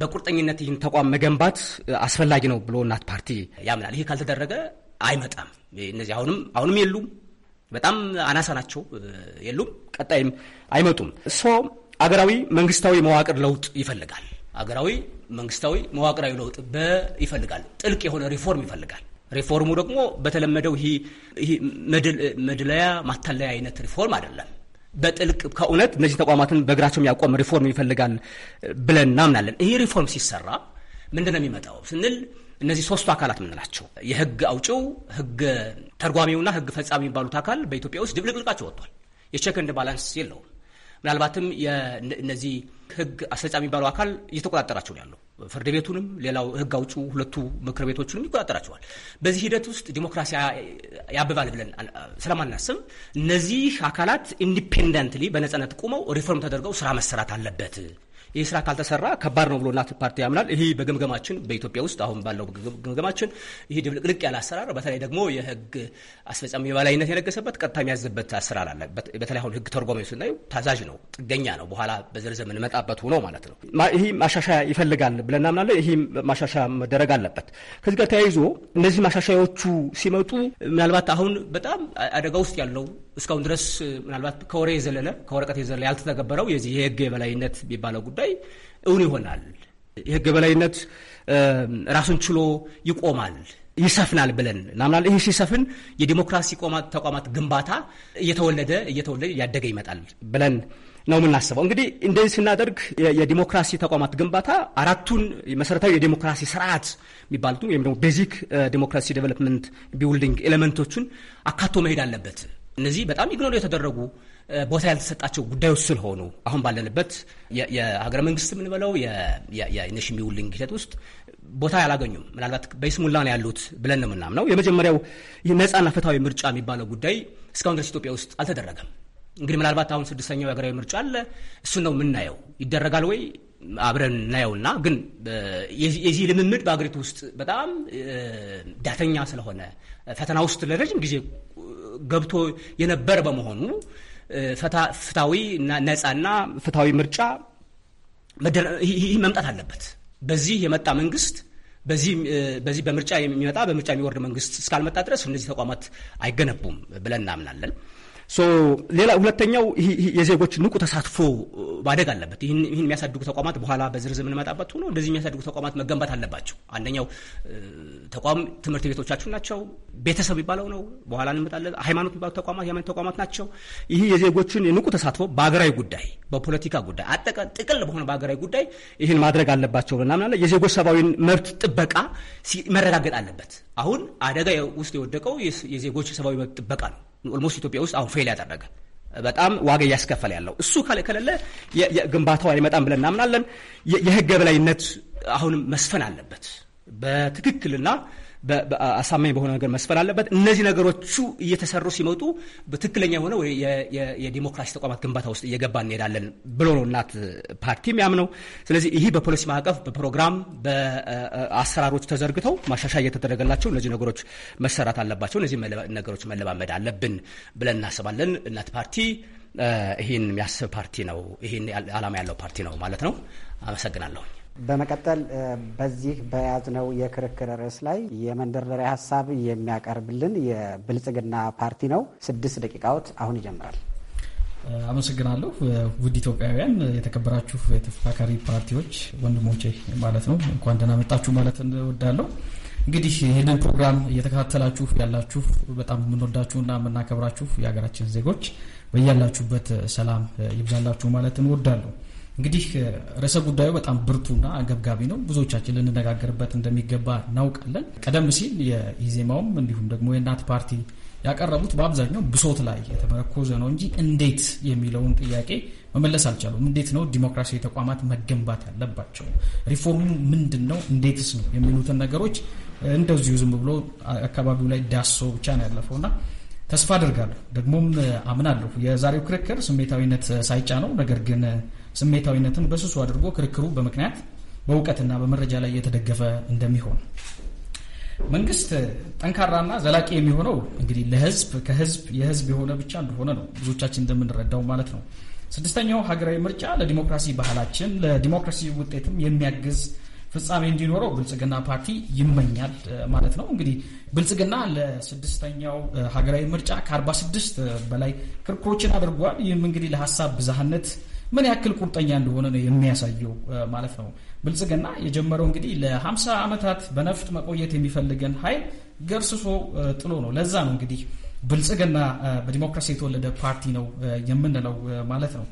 በቁርጠኝነት ይህን ተቋም መገንባት አስፈላጊ ነው ብሎ እናት ፓርቲ ያምናል። ይሄ ካልተደረገ አይመጣም። እነዚህ አሁንም አሁንም የሉም በጣም አናሳ ናቸው፣ የሉም፣ ቀጣይም አይመጡም። እሶ አገራዊ መንግስታዊ መዋቅር ለውጥ ይፈልጋል። አገራዊ መንግስታዊ መዋቅራዊ ለውጥ ይፈልጋል። ጥልቅ የሆነ ሪፎርም ይፈልጋል። ሪፎርሙ ደግሞ በተለመደው ይህ መድለያ ማታለያ አይነት ሪፎርም አይደለም። በጥልቅ ከእውነት እነዚህ ተቋማትን በእግራቸው የሚያቆም ሪፎርም ይፈልጋል ብለን እናምናለን። ይህ ሪፎርም ሲሰራ ምንድን ነው የሚመጣው ስንል እነዚህ ሶስቱ አካላት ምንላቸው የህግ አውጪው፣ ህግ ተርጓሚውና ህግ ፈጻሚ የሚባሉት አካል በኢትዮጵያ ውስጥ ድብልቅልቃቸው ወጥቷል። የቸክ ባላንስ የለውም። ምናልባትም እነዚህ ህግ አስፈጻሚ የሚባሉ አካል እየተቆጣጠራቸው ነው ያለው ፍርድ ቤቱንም ሌላው ህግ አውጪ ሁለቱ ምክር ቤቶችንም ይቆጣጠራቸዋል። በዚህ ሂደት ውስጥ ዲሞክራሲ ያብባል ብለን ስለማናስብ እነዚህ አካላት ኢንዲፔንደንትሊ በነጻነት ቁመው ሪፎርም ተደርገው ስራ መሰራት አለበት። ይህ ስራ ካልተሰራ ከባድ ነው ብሎ እናት ፓርቲ ያምናል። ይህ በግምገማችን በኢትዮጵያ ውስጥ አሁን ባለው ግምገማችን ይህ ድብልቅልቅ ያለ አሰራር፣ በተለይ ደግሞ የህግ አስፈጻሚ የበላይነት የነገሰበት ቀጥታ የሚያዝበት አሰራር አለ። በተለይ አሁን ህግ ተርጓሚ ስናዩ ታዛዥ ነው፣ ጥገኛ ነው። በኋላ በዝርዝር የምንመጣበት ሆኖ ማለት ነው። ይህ ማሻሻያ ይፈልጋል ብለን እናምናለን። ይህ ማሻሻያ መደረግ አለበት። ከዚህ ጋር ተያይዞ እነዚህ ማሻሻያዎቹ ሲመጡ ምናልባት አሁን በጣም አደጋ ውስጥ ያለው እስካሁን ድረስ ምናልባት ከወሬ የዘለለ ከወረቀት የዘለለ ያልተተገበረው የዚህ የህግ የበላይነት የሚባለው ጉዳይ እውን ይሆናል። የህግ የበላይነት ራሱን ችሎ ይቆማል፣ ይሰፍናል ብለን እናምናለን። ይህ ሲሰፍን የዲሞክራሲ ተቋማት ግንባታ እየተወለደ እየተወለደ እያደገ ይመጣል ብለን ነው የምናስበው። እንግዲህ እንደዚህ ስናደርግ የዲሞክራሲ ተቋማት ግንባታ አራቱን መሰረታዊ የዲሞክራሲ ስርዓት የሚባሉትን ወይም ደግሞ ቤዚክ ዲሞክራሲ ዴቨሎፕመንት ቢውልዲንግ ኤሌመንቶቹን አካቶ መሄድ አለበት። እነዚህ በጣም ኢግኖር የተደረጉ ቦታ ያልተሰጣቸው ጉዳዮች ስለሆኑ አሁን ባለንበት የሀገረ መንግስት የምንበለው የኔሽን ቢውልዲንግ ሂደት ውስጥ ቦታ ያላገኙም ምናልባት በይስሙላ ነው ያሉት ብለን ነው የምናምነው። የመጀመሪያው ነፃና ፍትሐዊ ምርጫ የሚባለው ጉዳይ እስካሁን ድረስ ኢትዮጵያ ውስጥ አልተደረገም። እንግዲህ ምናልባት አሁን ስድስተኛው የሀገራዊ ምርጫ አለ። እሱን ነው የምናየው። ይደረጋል ወይ አብረን እናየውና፣ ግን የዚህ ልምምድ በሀገሪቱ ውስጥ በጣም ዳተኛ ስለሆነ ፈተና ውስጥ ለረጅም ጊዜ ገብቶ የነበር በመሆኑ ፍታዊ ነፃና ፍታዊ ምርጫ ይህ መምጣት አለበት። በዚህ የመጣ መንግስት በዚህ በምርጫ የሚመጣ በምርጫ የሚወርድ መንግስት እስካልመጣ ድረስ እነዚህ ተቋማት አይገነቡም ብለን እናምናለን። ሌላ ሁለተኛው የዜጎች ንቁ ተሳትፎ ማደግ አለበት። ይህን የሚያሳድጉ ተቋማት በኋላ በዝርዝር የምንመጣበት ሆኖ እንደዚህ የሚያሳድጉ ተቋማት መገንባት አለባቸው። አንደኛው ተቋም ትምህርት ቤቶቻችሁ ናቸው። ቤተሰብ የሚባለው ነው፣ በኋላ እንመጣለን። ሃይማኖት የሚባሉ ተቋማት የሃይማኖት ተቋማት ናቸው። ይህ የዜጎችን ንቁ ተሳትፎ በሀገራዊ ጉዳይ፣ በፖለቲካ ጉዳይ፣ አጠቀ ጥቅል በሆነ በሀገራዊ ጉዳይ ይህን ማድረግ አለባቸው ምናምናለ የዜጎች ሰብአዊ መብት ጥበቃ መረጋገጥ አለበት። አሁን አደጋ ውስጥ የወደቀው የዜጎች ሰብአዊ መብት ጥበቃ ነው። ኦልሞስት ኢትዮጵያ ውስጥ አሁን ፌል ያደረገ በጣም ዋጋ እያስከፈለ ያለው እሱ ከሌለ ግንባታው አይመጣም ብለን እናምናለን። የህግ በላይነት አሁንም መስፈን አለበት በትክክልና አሳማኝ በሆነ ነገር መስፈር አለበት። እነዚህ ነገሮቹ እየተሰሩ ሲመጡ በትክክለኛ የሆነ የዲሞክራሲ ተቋማት ግንባታ ውስጥ እየገባ እንሄዳለን ብሎ ነው እናት ፓርቲ ያምነው። ስለዚህ ይህ በፖሊሲ ማዕቀፍ፣ በፕሮግራም፣ በአሰራሮች ተዘርግተው ማሻሻያ እየተደረገላቸው እነዚህ ነገሮች መሰራት አለባቸው። እነዚህ ነገሮች መለማመድ አለብን ብለን እናስባለን። እናት ፓርቲ ይህን የሚያስብ ፓርቲ ነው። ይህን ዓላማ ያለው ፓርቲ ነው ማለት ነው። አመሰግናለሁ። በመቀጠል በዚህ በያዝነው የክርክር ርዕስ ላይ የመንደርደሪያ ሀሳብ የሚያቀርብልን የብልጽግና ፓርቲ ነው። ስድስት ደቂቃዎት አሁን ይጀምራል። አመሰግናለሁ። ውድ ኢትዮጵያውያን፣ የተከበራችሁ የተፎካካሪ ፓርቲዎች ወንድሞቼ ማለት ነው እንኳን ደህና መጣችሁ ማለት እንወዳለሁ። እንግዲህ ይህንን ፕሮግራም እየተከታተላችሁ ያላችሁ በጣም የምንወዳችሁና የምናከብራችሁ የሀገራችን ዜጎች በያላችሁበት ሰላም ይብዛላችሁ ማለት እንወዳለሁ። እንግዲህ ርዕሰ ጉዳዩ በጣም ብርቱና አገብጋቢ ነው። ብዙዎቻችን ልንነጋገርበት እንደሚገባ እናውቃለን። ቀደም ሲል የኢዜማውም እንዲሁም ደግሞ የእናት ፓርቲ ያቀረቡት በአብዛኛው ብሶት ላይ የተመረኮዘ ነው እንጂ እንዴት የሚለውን ጥያቄ መመለስ አልቻሉም። እንዴት ነው ዲሞክራሲያዊ ተቋማት መገንባት ያለባቸው? ሪፎርሙ ምንድን ነው? እንዴትስ ነው የሚሉትን ነገሮች እንደዚሁ ዝም ብሎ አካባቢው ላይ ዳሶ ብቻ ነው ያለፈውና ተስፋ አድርጋለሁ ደግሞም አምናለሁ የዛሬው ክርክር ስሜታዊነት ሳይጫ ነው ነገር ግን ስሜታዊነትን በስሱ አድርጎ ክርክሩ በምክንያት በእውቀትና በመረጃ ላይ የተደገፈ እንደሚሆን መንግስት ጠንካራና ዘላቂ የሚሆነው እንግዲህ ለህዝብ ከህዝብ የህዝብ የሆነ ብቻ እንደሆነ ነው ብዙዎቻችን እንደምንረዳው ማለት ነው። ስድስተኛው ሀገራዊ ምርጫ ለዲሞክራሲ ባህላችን ለዲሞክራሲ ውጤትም የሚያግዝ ፍጻሜ እንዲኖረው ብልጽግና ፓርቲ ይመኛል ማለት ነው። እንግዲህ ብልጽግና ለስድስተኛው ሀገራዊ ምርጫ ከ46 በላይ ክርክሮችን አድርጓል። ይህም እንግዲህ ለሀሳብ ብዝሃነት ምን ያክል ቁርጠኛ እንደሆነ ነው የሚያሳየው ማለት ነው። ብልጽግና የጀመረው እንግዲህ ለ50 ዓመታት በነፍጥ መቆየት የሚፈልገን ኃይል ገርስሶ ጥሎ ነው። ለዛ ነው እንግዲህ ብልጽግና በዲሞክራሲ የተወለደ ፓርቲ ነው የምንለው ማለት ነው።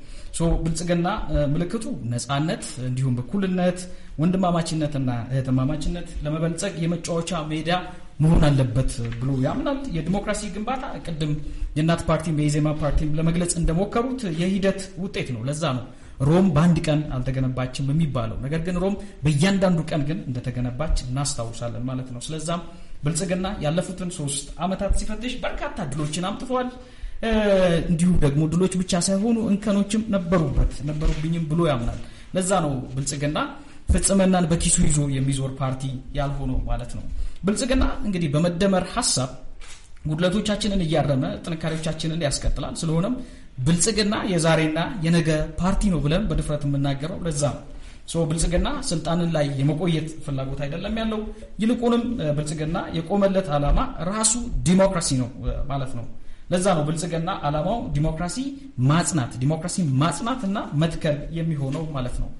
ብልጽግና ምልክቱ ነፃነት፣ እንዲሁም በኩልነት ወንድማማችነትና እህትማማችነት ለመበልጸግ የመጫወቻ ሜዳ መሆን አለበት ብሎ ያምናል። የዲሞክራሲ ግንባታ ቅድም የእናት ፓርቲም የኢዜማ ፓርቲም ለመግለጽ እንደሞከሩት የሂደት ውጤት ነው። ለዛ ነው ሮም በአንድ ቀን አልተገነባችም የሚባለው። ነገር ግን ሮም በእያንዳንዱ ቀን ግን እንደተገነባች እናስታውሳለን ማለት ነው። ስለዛም ብልጽግና ያለፉትን ሶስት ዓመታት ሲፈትሽ በርካታ ድሎችን አምጥተዋል። እንዲሁም ደግሞ ድሎች ብቻ ሳይሆኑ እንከኖችም ነበሩበት ነበሩብኝም ብሎ ያምናል። ለዛ ነው ብልጽግና ፍጽምናን በኪሱ ይዞ የሚዞር ፓርቲ ያልሆነው ማለት ነው። ብልጽግና እንግዲህ በመደመር ሀሳብ ጉድለቶቻችንን እያረመ ጥንካሬዎቻችንን ያስቀጥላል። ስለሆነም ብልጽግና የዛሬና የነገ ፓርቲ ነው ብለን በድፍረት የምናገረው ለዛ ነው። ብልጽግና ስልጣንን ላይ የመቆየት ፍላጎት አይደለም ያለው። ይልቁንም ብልጽግና የቆመለት ዓላማ ራሱ ዲሞክራሲ ነው ማለት ነው። ለዛ ነው ብልጽግና ዓላማው ዲሞክራሲ ማጽናት ዲሞክራሲ ማጽናት እና መትከል የሚሆነው ማለት ነው።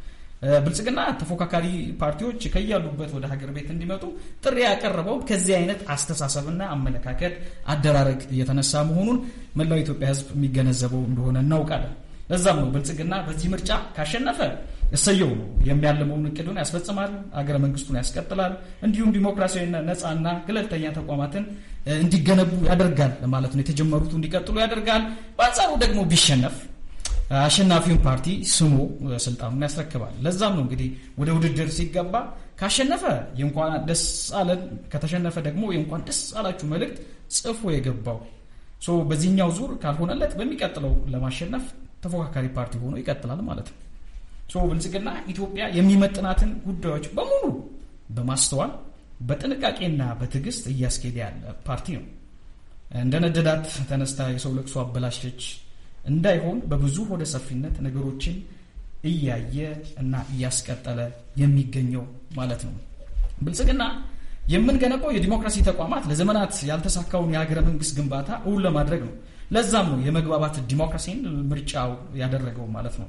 ብልጽግና ተፎካካሪ ፓርቲዎች ከያሉበት ወደ ሀገር ቤት እንዲመጡ ጥሪ ያቀረበው ከዚህ አይነት አስተሳሰብና አመለካከት አደራረግ እየተነሳ መሆኑን መላው ኢትዮጵያ ሕዝብ የሚገነዘበው እንደሆነ እናውቃለን። ለዛም ነው ብልጽግና በዚህ ምርጫ ካሸነፈ እሰየው ነው የሚያለመውን እቅዱን ያስፈጽማል፣ አገረ መንግስቱን ያስቀጥላል፣ እንዲሁም ዲሞክራሲያዊና ነፃና ገለልተኛ ተቋማትን እንዲገነቡ ያደርጋል ማለት ነው። የተጀመሩት እንዲቀጥሉ ያደርጋል። በአንጻሩ ደግሞ ቢሸነፍ አሸናፊውን ፓርቲ ስሞ ስልጣኑን ያስረክባል። ለዛም ነው እንግዲህ ወደ ውድድር ሲገባ ካሸነፈ የእንኳን ደስ አለን፣ ከተሸነፈ ደግሞ የእንኳን ደስ አላችሁ መልእክት ጽፎ የገባው በዚህኛው ዙር ካልሆነለት በሚቀጥለው ለማሸነፍ ተፎካካሪ ፓርቲ ሆኖ ይቀጥላል ማለት ነው። ብልጽግና ኢትዮጵያ የሚመጥናትን ጉዳዮች በሙሉ በማስተዋል በጥንቃቄና በትዕግስት እያስኬደ ያለ ፓርቲ ነው። እንደ ነደዳት ተነስታ የሰው ለቅሶ አበላሸች እንዳይሆን በብዙ ሆደ ሰፊነት ነገሮችን እያየ እና እያስቀጠለ የሚገኘው ማለት ነው። ብልጽግና የምንገነባው የዲሞክራሲ ተቋማት ለዘመናት ያልተሳካውን የሀገረ መንግስት ግንባታ እውን ለማድረግ ነው። ለዛም ነው የመግባባት ዲሞክራሲን ምርጫው ያደረገው ማለት ነው።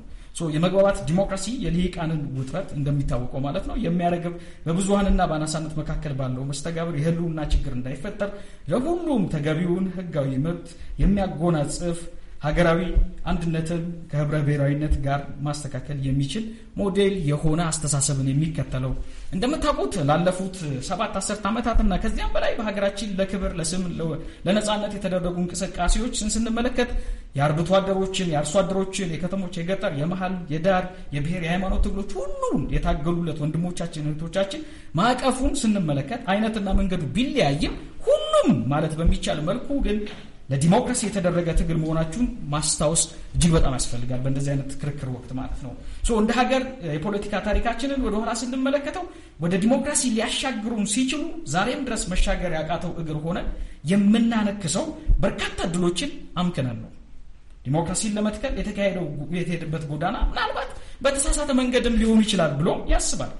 የመግባባት ዲሞክራሲ የልሂቃንን ውጥረት እንደሚታወቀው ማለት ነው የሚያረግብ በብዙሀንና በአናሳነት መካከል ባለው መስተጋብር የህልውና ችግር እንዳይፈጠር ለሁሉም ተገቢውን ህጋዊ መብት የሚያጎናጽፍ ሀገራዊ አንድነትን ከህብረ ብሔራዊነት ጋር ማስተካከል የሚችል ሞዴል የሆነ አስተሳሰብን የሚከተለው እንደምታውቁት ላለፉት ሰባት አስርት ዓመታትና ከዚያም በላይ በሀገራችን ለክብር፣ ለስም፣ ለነጻነት የተደረጉ እንቅስቃሴዎችን ስንመለከት የአርብቶ አደሮችን፣ የአርሶ አደሮችን፣ የከተሞች፣ የገጠር፣ የመሀል፣ የዳር፣ የብሔር፣ የሃይማኖት ትግሎች ሁሉም የታገሉለት ወንድሞቻችን እህቶቻችን ማዕቀፉን ስንመለከት አይነትና መንገዱ ቢለያይም ሁሉም ማለት በሚቻል መልኩ ግን ለዲሞክራሲ የተደረገ ትግል መሆናችሁን ማስታወስ እጅግ በጣም ያስፈልጋል። በእንደዚህ አይነት ክርክር ወቅት ማለት ነው። እንደ ሀገር የፖለቲካ ታሪካችንን ወደኋላ ስንመለከተው ወደ ዲሞክራሲ ሊያሻግሩን ሲችሉ ዛሬም ድረስ መሻገር ያቃተው እግር ሆነ የምናነክሰው በርካታ ድሎችን አምክነን ነው። ዲሞክራሲን ለመትከል የተካሄደው የተሄደበት ጎዳና ምናልባት በተሳሳተ መንገድም ሊሆን ይችላል ብሎ ያስባል።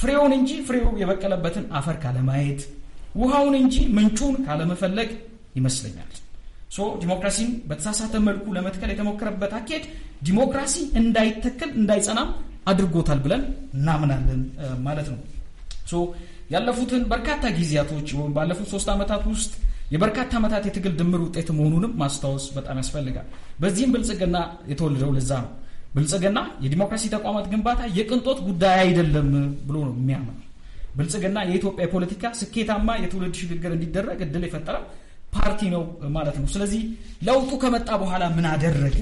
ፍሬውን እንጂ ፍሬው የበቀለበትን አፈር ካለማየት፣ ውሃውን እንጂ ምንጩን ካለመፈለግ ይመስለኛል። ዲሞክራሲን በተሳሳተ መልኩ ለመትከል የተሞከረበት አካሄድ ዲሞክራሲ እንዳይተከል እንዳይጸናም አድርጎታል ብለን እናምናለን ማለት ነው። ያለፉትን በርካታ ጊዜያቶች ባለፉት ሶስት ዓመታት ውስጥ የበርካታ ዓመታት የትግል ድምር ውጤት መሆኑንም ማስታወስ በጣም ያስፈልጋል። በዚህም ብልጽግና የተወለደው ለዛ ነው። ብልጽግና የዲሞክራሲ ተቋማት ግንባታ የቅንጦት ጉዳይ አይደለም ብሎ ነው የሚያምነው። ብልጽግና የኢትዮጵያ የፖለቲካ ስኬታማ የትውልድ ሽግግር እንዲደረግ እድል የፈጠረው ፓርቲ ነው ማለት ነው። ስለዚህ ለውጡ ከመጣ በኋላ ምን አደረገ?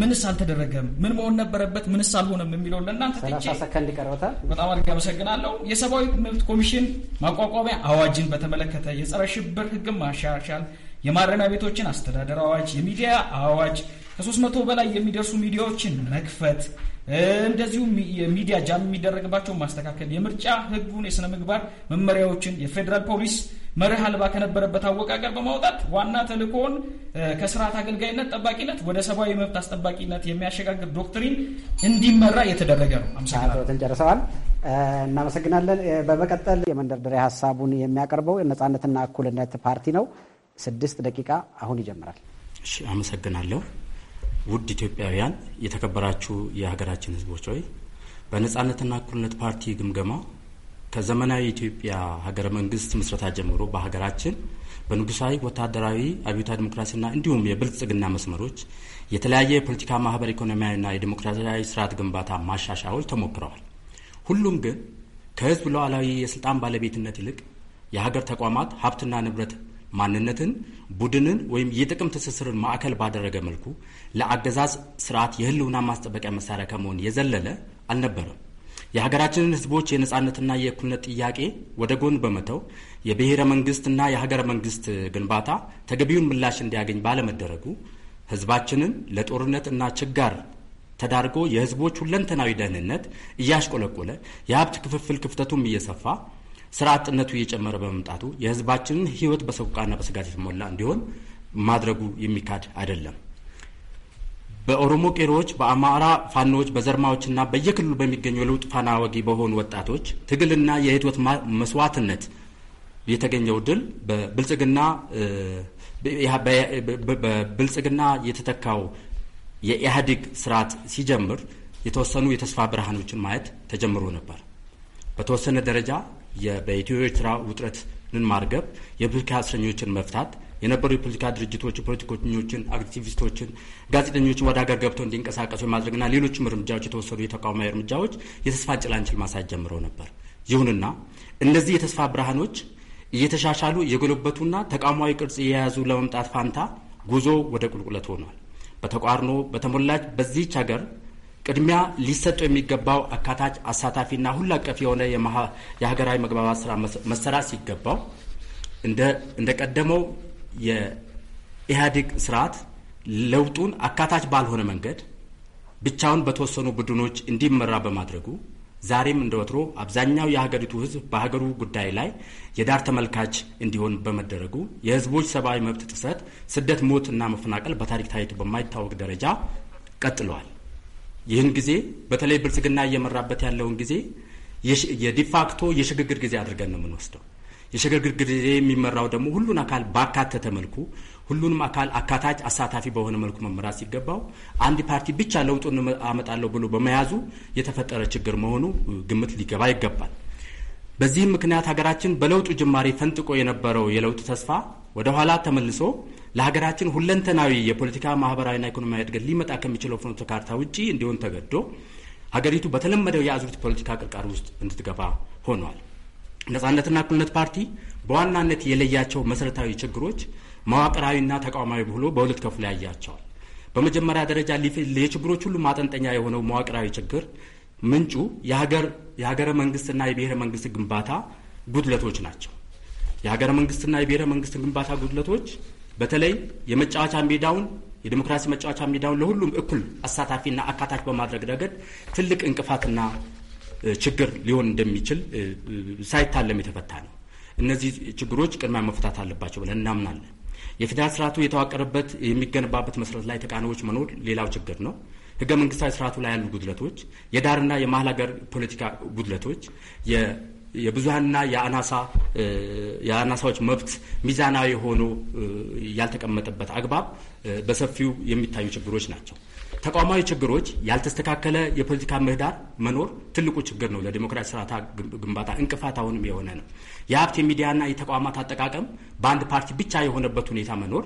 ምንስ አልተደረገም? ምን መሆን ነበረበት? ምንስ አልሆነም የሚለው ለእናንተ ሰከንድ በጣም አድርጌ አመሰግናለሁ። የሰብአዊ መብት ኮሚሽን ማቋቋሚያ አዋጅን በተመለከተ የጸረ ሽብር ሕግ ማሻሻል፣ የማረሚያ ቤቶችን አስተዳደር አዋጅ፣ የሚዲያ አዋጅ፣ ከሶስት መቶ በላይ የሚደርሱ ሚዲያዎችን መክፈት እንደዚሁም የሚዲያ ጃም የሚደረግባቸው ማስተካከል፣ የምርጫ ህጉን፣ የስነ ምግባር መመሪያዎችን የፌዴራል ፖሊስ መርህ አልባ ከነበረበት አወቃቀር በማውጣት ዋና ተልእኮውን ከስርዓት አገልጋይነት ጠባቂነት ወደ ሰብአዊ መብት አስጠባቂነት የሚያሸጋግር ዶክትሪን እንዲመራ የተደረገ ነው። አመሰግናለሁ። ጨርሰዋል። እናመሰግናለን። በመቀጠል የመንደርደሪያ ሀሳቡን የሚያቀርበው ነጻነትና እኩልነት ፓርቲ ነው። ስድስት ደቂቃ አሁን ይጀምራል። አመሰግናለሁ። ውድ ኢትዮጵያውያን፣ የተከበራችሁ የሀገራችን ህዝቦች ሆይ በነጻነትና እኩልነት ፓርቲ ግምገማ ከዘመናዊ ኢትዮጵያ ሀገረ መንግስት ምስረታ ጀምሮ በሀገራችን በንጉሳዊ ወታደራዊ፣ አብዮታዊ ዲሞክራሲና እንዲሁም የብልጽግና መስመሮች የተለያየ የፖለቲካ ማህበር፣ ኢኮኖሚያዊና የዲሞክራሲያዊ ስርዓት ግንባታ ማሻሻዎች ተሞክረዋል። ሁሉም ግን ከህዝብ ሉዓላዊ የስልጣን ባለቤትነት ይልቅ የሀገር ተቋማት ሀብትና ንብረት ማንነትን፣ ቡድንን ወይም የጥቅም ትስስርን ማዕከል ባደረገ መልኩ ለአገዛዝ ስርዓት የህልውና ማስጠበቂያ መሳሪያ ከመሆን የዘለለ አልነበረም። የሀገራችንን ህዝቦች የነፃነትና የእኩልነት ጥያቄ ወደ ጎን በመተው የብሔረ መንግስትና የሀገረ መንግስት ግንባታ ተገቢውን ምላሽ እንዲያገኝ ባለመደረጉ ህዝባችንን ለጦርነት እና ችጋር ተዳርጎ የህዝቦች ሁለንተናዊ ደህንነት እያሽቆለቆለ የሀብት ክፍፍል ክፍተቱም እየሰፋ ስራ አጥነቱ እየጨመረ በመምጣቱ የህዝባችንን ህይወት በሰቆቃና በስጋት የተሞላ እንዲሆን ማድረጉ የሚካድ አይደለም። በኦሮሞ ቄሮዎች፣ በአማራ ፋኖዎች፣ በዘርማዎችና በየክልሉ በሚገኙ የለውጥ ፋና ወጊ በሆኑ ወጣቶች ትግልና የህይወት መስዋዕትነት የተገኘው ድል በብልጽግና በብልጽግና የተተካው የኢህአዴግ ስርዓት ሲጀምር የተወሰኑ የተስፋ ብርሃኖችን ማየት ተጀምሮ ነበር። በተወሰነ ደረጃ በኢትዮ ኤርትራ ውጥረትን ማርገብ፣ የፖለቲካ እስረኞችን መፍታት የነበሩ የፖለቲካ ድርጅቶች ፖለቲከኞችን፣ አክቲቪስቶችን፣ ጋዜጠኞችን ወደ ሀገር ገብተው እንዲንቀሳቀሱ የማድረግና ሌሎችም እርምጃዎች የተወሰዱ የተቃውማዊ እርምጃዎች የተስፋ ጭላንጭል ማሳየት ጀምረው ነበር። ይሁንና እነዚህ የተስፋ ብርሃኖች እየተሻሻሉ የጎለበቱና ተቃውሟዊ ቅርጽ የያዙ ለመምጣት ፋንታ ጉዞ ወደ ቁልቁለት ሆኗል። በተቋርኖ በተሞላች በዚህች ሀገር ቅድሚያ ሊሰጠው የሚገባው አካታች አሳታፊና ሁሉ አቀፍ የሆነ የሀገራዊ መግባባት ስራ መሰራት ሲገባው እንደቀደመው የኢህአዴግ ስርዓት ለውጡን አካታች ባልሆነ መንገድ ብቻውን በተወሰኑ ቡድኖች እንዲመራ በማድረጉ ዛሬም እንደወትሮ አብዛኛው የሀገሪቱ ህዝብ በሀገሩ ጉዳይ ላይ የዳር ተመልካች እንዲሆን በመደረጉ የህዝቦች ሰብአዊ መብት ጥሰት፣ ስደት፣ ሞት እና መፈናቀል በታሪክ ታይቶ በማይታወቅ ደረጃ ቀጥለዋል። ይህን ጊዜ በተለይ ብልጽግና እየመራበት ያለውን ጊዜ የዲፋክቶ የሽግግር ጊዜ አድርገን ነው የምንወስደው። የሽግግር ጊዜ የሚመራው ደግሞ ሁሉን አካል ባካተተ መልኩ ሁሉንም አካል አካታች፣ አሳታፊ በሆነ መልኩ መመራት ሲገባው አንድ ፓርቲ ብቻ ለውጡን አመጣለሁ ብሎ በመያዙ የተፈጠረ ችግር መሆኑ ግምት ሊገባ ይገባል። በዚህም ምክንያት ሀገራችን በለውጡ ጅማሬ ፈንጥቆ የነበረው የለውጥ ተስፋ ወደ ኋላ ተመልሶ ለሀገራችን ሁለንተናዊ የፖለቲካ ማህበራዊና ኢኮኖሚያዊ እድገት ሊመጣ ከሚችለው ፍኖተ ካርታ ውጪ እንዲሆን ተገዶ ሀገሪቱ በተለመደው የአዙሪት ፖለቲካ ቅርቃር ውስጥ እንድትገባ ሆኗል። ነጻነትና እኩልነት ፓርቲ በዋናነት የለያቸው መሰረታዊ ችግሮች መዋቅራዊና ተቋማዊ ብሎ በሁለት ከፍሎ ያያቸዋል። በመጀመሪያ ደረጃ የችግሮች ሁሉ ማጠንጠኛ የሆነው መዋቅራዊ ችግር ምንጩ የሀገረ መንግስትና የብሔረ መንግስት ግንባታ ጉድለቶች ናቸው። የሀገረ መንግስትና የብሔረ መንግስት ግንባታ ጉድለቶች በተለይ የመጫወቻ ሜዳውን የዲሞክራሲ መጫወቻ ሜዳውን ለሁሉም እኩል አሳታፊና አካታች በማድረግ ረገድ ትልቅ እንቅፋትና ችግር ሊሆን እንደሚችል ሳይታለም የተፈታ ነው። እነዚህ ችግሮች ቅድሚያ መፍታት አለባቸው ብለን እናምናለን። የፌዴራል ስርዓቱ የተዋቀረበት የሚገነባበት መሰረት ላይ ተቃናዎች መኖር ሌላው ችግር ነው። ህገ መንግስታዊ ስርዓቱ ላይ ያሉ ጉድለቶች፣ የዳርና የመሀል ሀገር ፖለቲካ ጉድለቶች የብዙሀንና የአናሳዎች መብት ሚዛናዊ ሆኖ ያልተቀመጠበት አግባብ በሰፊው የሚታዩ ችግሮች ናቸው። ተቋማዊ ችግሮች፣ ያልተስተካከለ የፖለቲካ ምህዳር መኖር ትልቁ ችግር ነው። ለዲሞክራሲ ስርዓታ ግንባታ እንቅፋት አሁንም የሆነ ነው። የሀብት የሚዲያና የተቋማት አጠቃቀም በአንድ ፓርቲ ብቻ የሆነበት ሁኔታ መኖር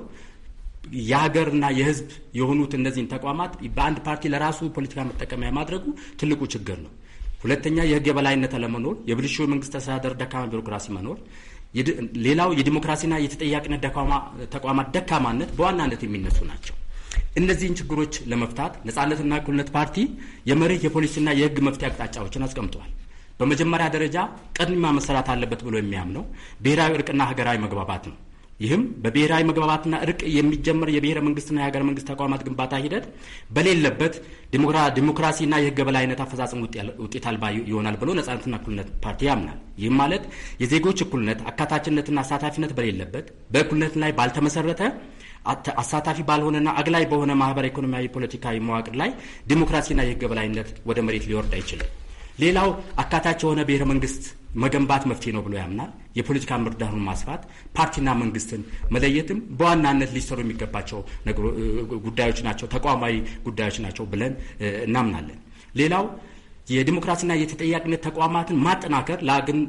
የሀገርና የህዝብ የሆኑት እነዚህን ተቋማት በአንድ ፓርቲ ለራሱ ፖለቲካ መጠቀሚያ ማድረጉ ትልቁ ችግር ነው። ሁለተኛ የህግ የበላይነት አለመኖር፣ የብልሹ መንግስት አስተዳደር፣ ደካማ ቢሮክራሲ መኖር፣ ሌላው የዲሞክራሲና የተጠያቂነት ተቋማት ደካማነት በዋናነት የሚነሱ ናቸው። እነዚህን ችግሮች ለመፍታት ነጻነትና እኩልነት ፓርቲ የመርህ የፖሊሲና የህግ መፍትሄ አቅጣጫዎችን አስቀምጠዋል። በመጀመሪያ ደረጃ ቅድሚያ መሰራት አለበት ብሎ የሚያምነው ብሔራዊ እርቅና ሀገራዊ መግባባት ነው። ይህም በብሔራዊ መግባባትና እርቅ የሚጀመር የብሔረ መንግስትና የሀገረ መንግስት ተቋማት ግንባታ ሂደት በሌለበት ዲሞክራሲና የህገ በላይነት አፈጻጸም ውጤት አልባ ይሆናል ብሎ ነጻነትና እኩልነት ፓርቲ ያምናል። ይህም ማለት የዜጎች እኩልነት አካታችነትና አሳታፊነት በሌለበት በእኩልነት ላይ ባልተመሰረተ አሳታፊ ባልሆነና አግላይ በሆነ ማህበራዊ ኢኮኖሚያዊ፣ ፖለቲካዊ መዋቅር ላይ ዲሞክራሲና የህገ በላይነት ወደ መሬት ሊወርድ አይችልም። ሌላው አካታች የሆነ ብሔረ መንግስት መገንባት መፍትሄ ነው ብሎ ያምናል። የፖለቲካ ምህዳሩን ማስፋት፣ ፓርቲና መንግስትን መለየትም በዋናነት ሊሰሩ የሚገባቸው ጉዳዮች ናቸው፣ ተቋማዊ ጉዳዮች ናቸው ብለን እናምናለን። ሌላው የዲሞክራሲና የተጠያቂነት ተቋማትን ማጠናከር፣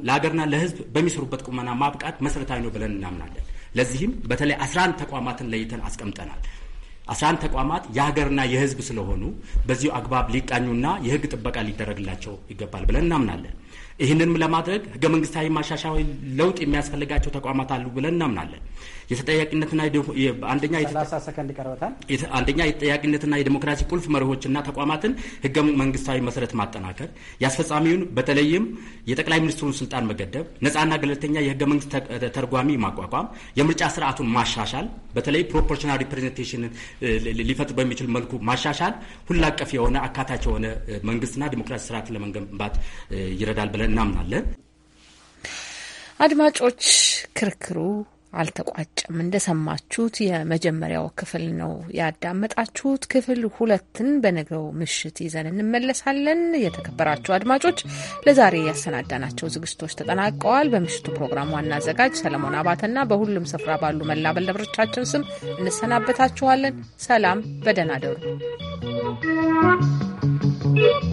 ለሀገርና ለሕዝብ በሚሰሩበት ቁመና ማብቃት መሰረታዊ ነው ብለን እናምናለን። ለዚህም በተለይ 11 ተቋማትን ለይተን አስቀምጠናል። 11 ተቋማት የሀገርና የህዝብ ስለሆኑ በዚሁ አግባብ ሊቃኙና የህግ ጥበቃ ሊደረግላቸው ይገባል ብለን እናምናለን። ይህንንም ለማድረግ ህገ መንግስታዊ ማሻሻያ ለውጥ የሚያስፈልጋቸው ተቋማት አሉ ብለን እናምናለን። የተጠያቂነትና አንደኛ አንደኛ የተጠያቂነትና የዲሞክራሲ ቁልፍ መርሆችና ተቋማትን ህገ መንግስታዊ መሰረት ማጠናከር፣ የአስፈጻሚውን በተለይም የጠቅላይ ሚኒስትሩን ስልጣን መገደብ፣ ነጻና ገለልተኛ የህገ መንግስት ተርጓሚ ማቋቋም፣ የምርጫ ስርዓቱን ማሻሻል፣ በተለይ ፕሮፖርሽናል ሪፕሬዘንቴሽንን ሊፈጥር በሚችል መልኩ ማሻሻል፣ ሁሉ አቀፍ የሆነ አካታች የሆነ መንግስትና ዲሞክራሲ ስርዓትን ለመገንባት ይረዳል ብለን እናምናለን። አድማጮች ክርክሩ አልተቋጨም። እንደሰማችሁት የመጀመሪያው ክፍል ነው ያዳመጣችሁት። ክፍል ሁለትን በነገው ምሽት ይዘን እንመለሳለን። የተከበራችሁ አድማጮች ለዛሬ ያሰናዳናቸው ዝግጅቶች ተጠናቀዋል። በምሽቱ ፕሮግራም ዋና አዘጋጅ ሰለሞን አባተና በሁሉም ስፍራ ባሉ መላ ባልደረቦቻችን ስም እንሰናበታችኋለን። ሰላም፣ በደህና ደሩ።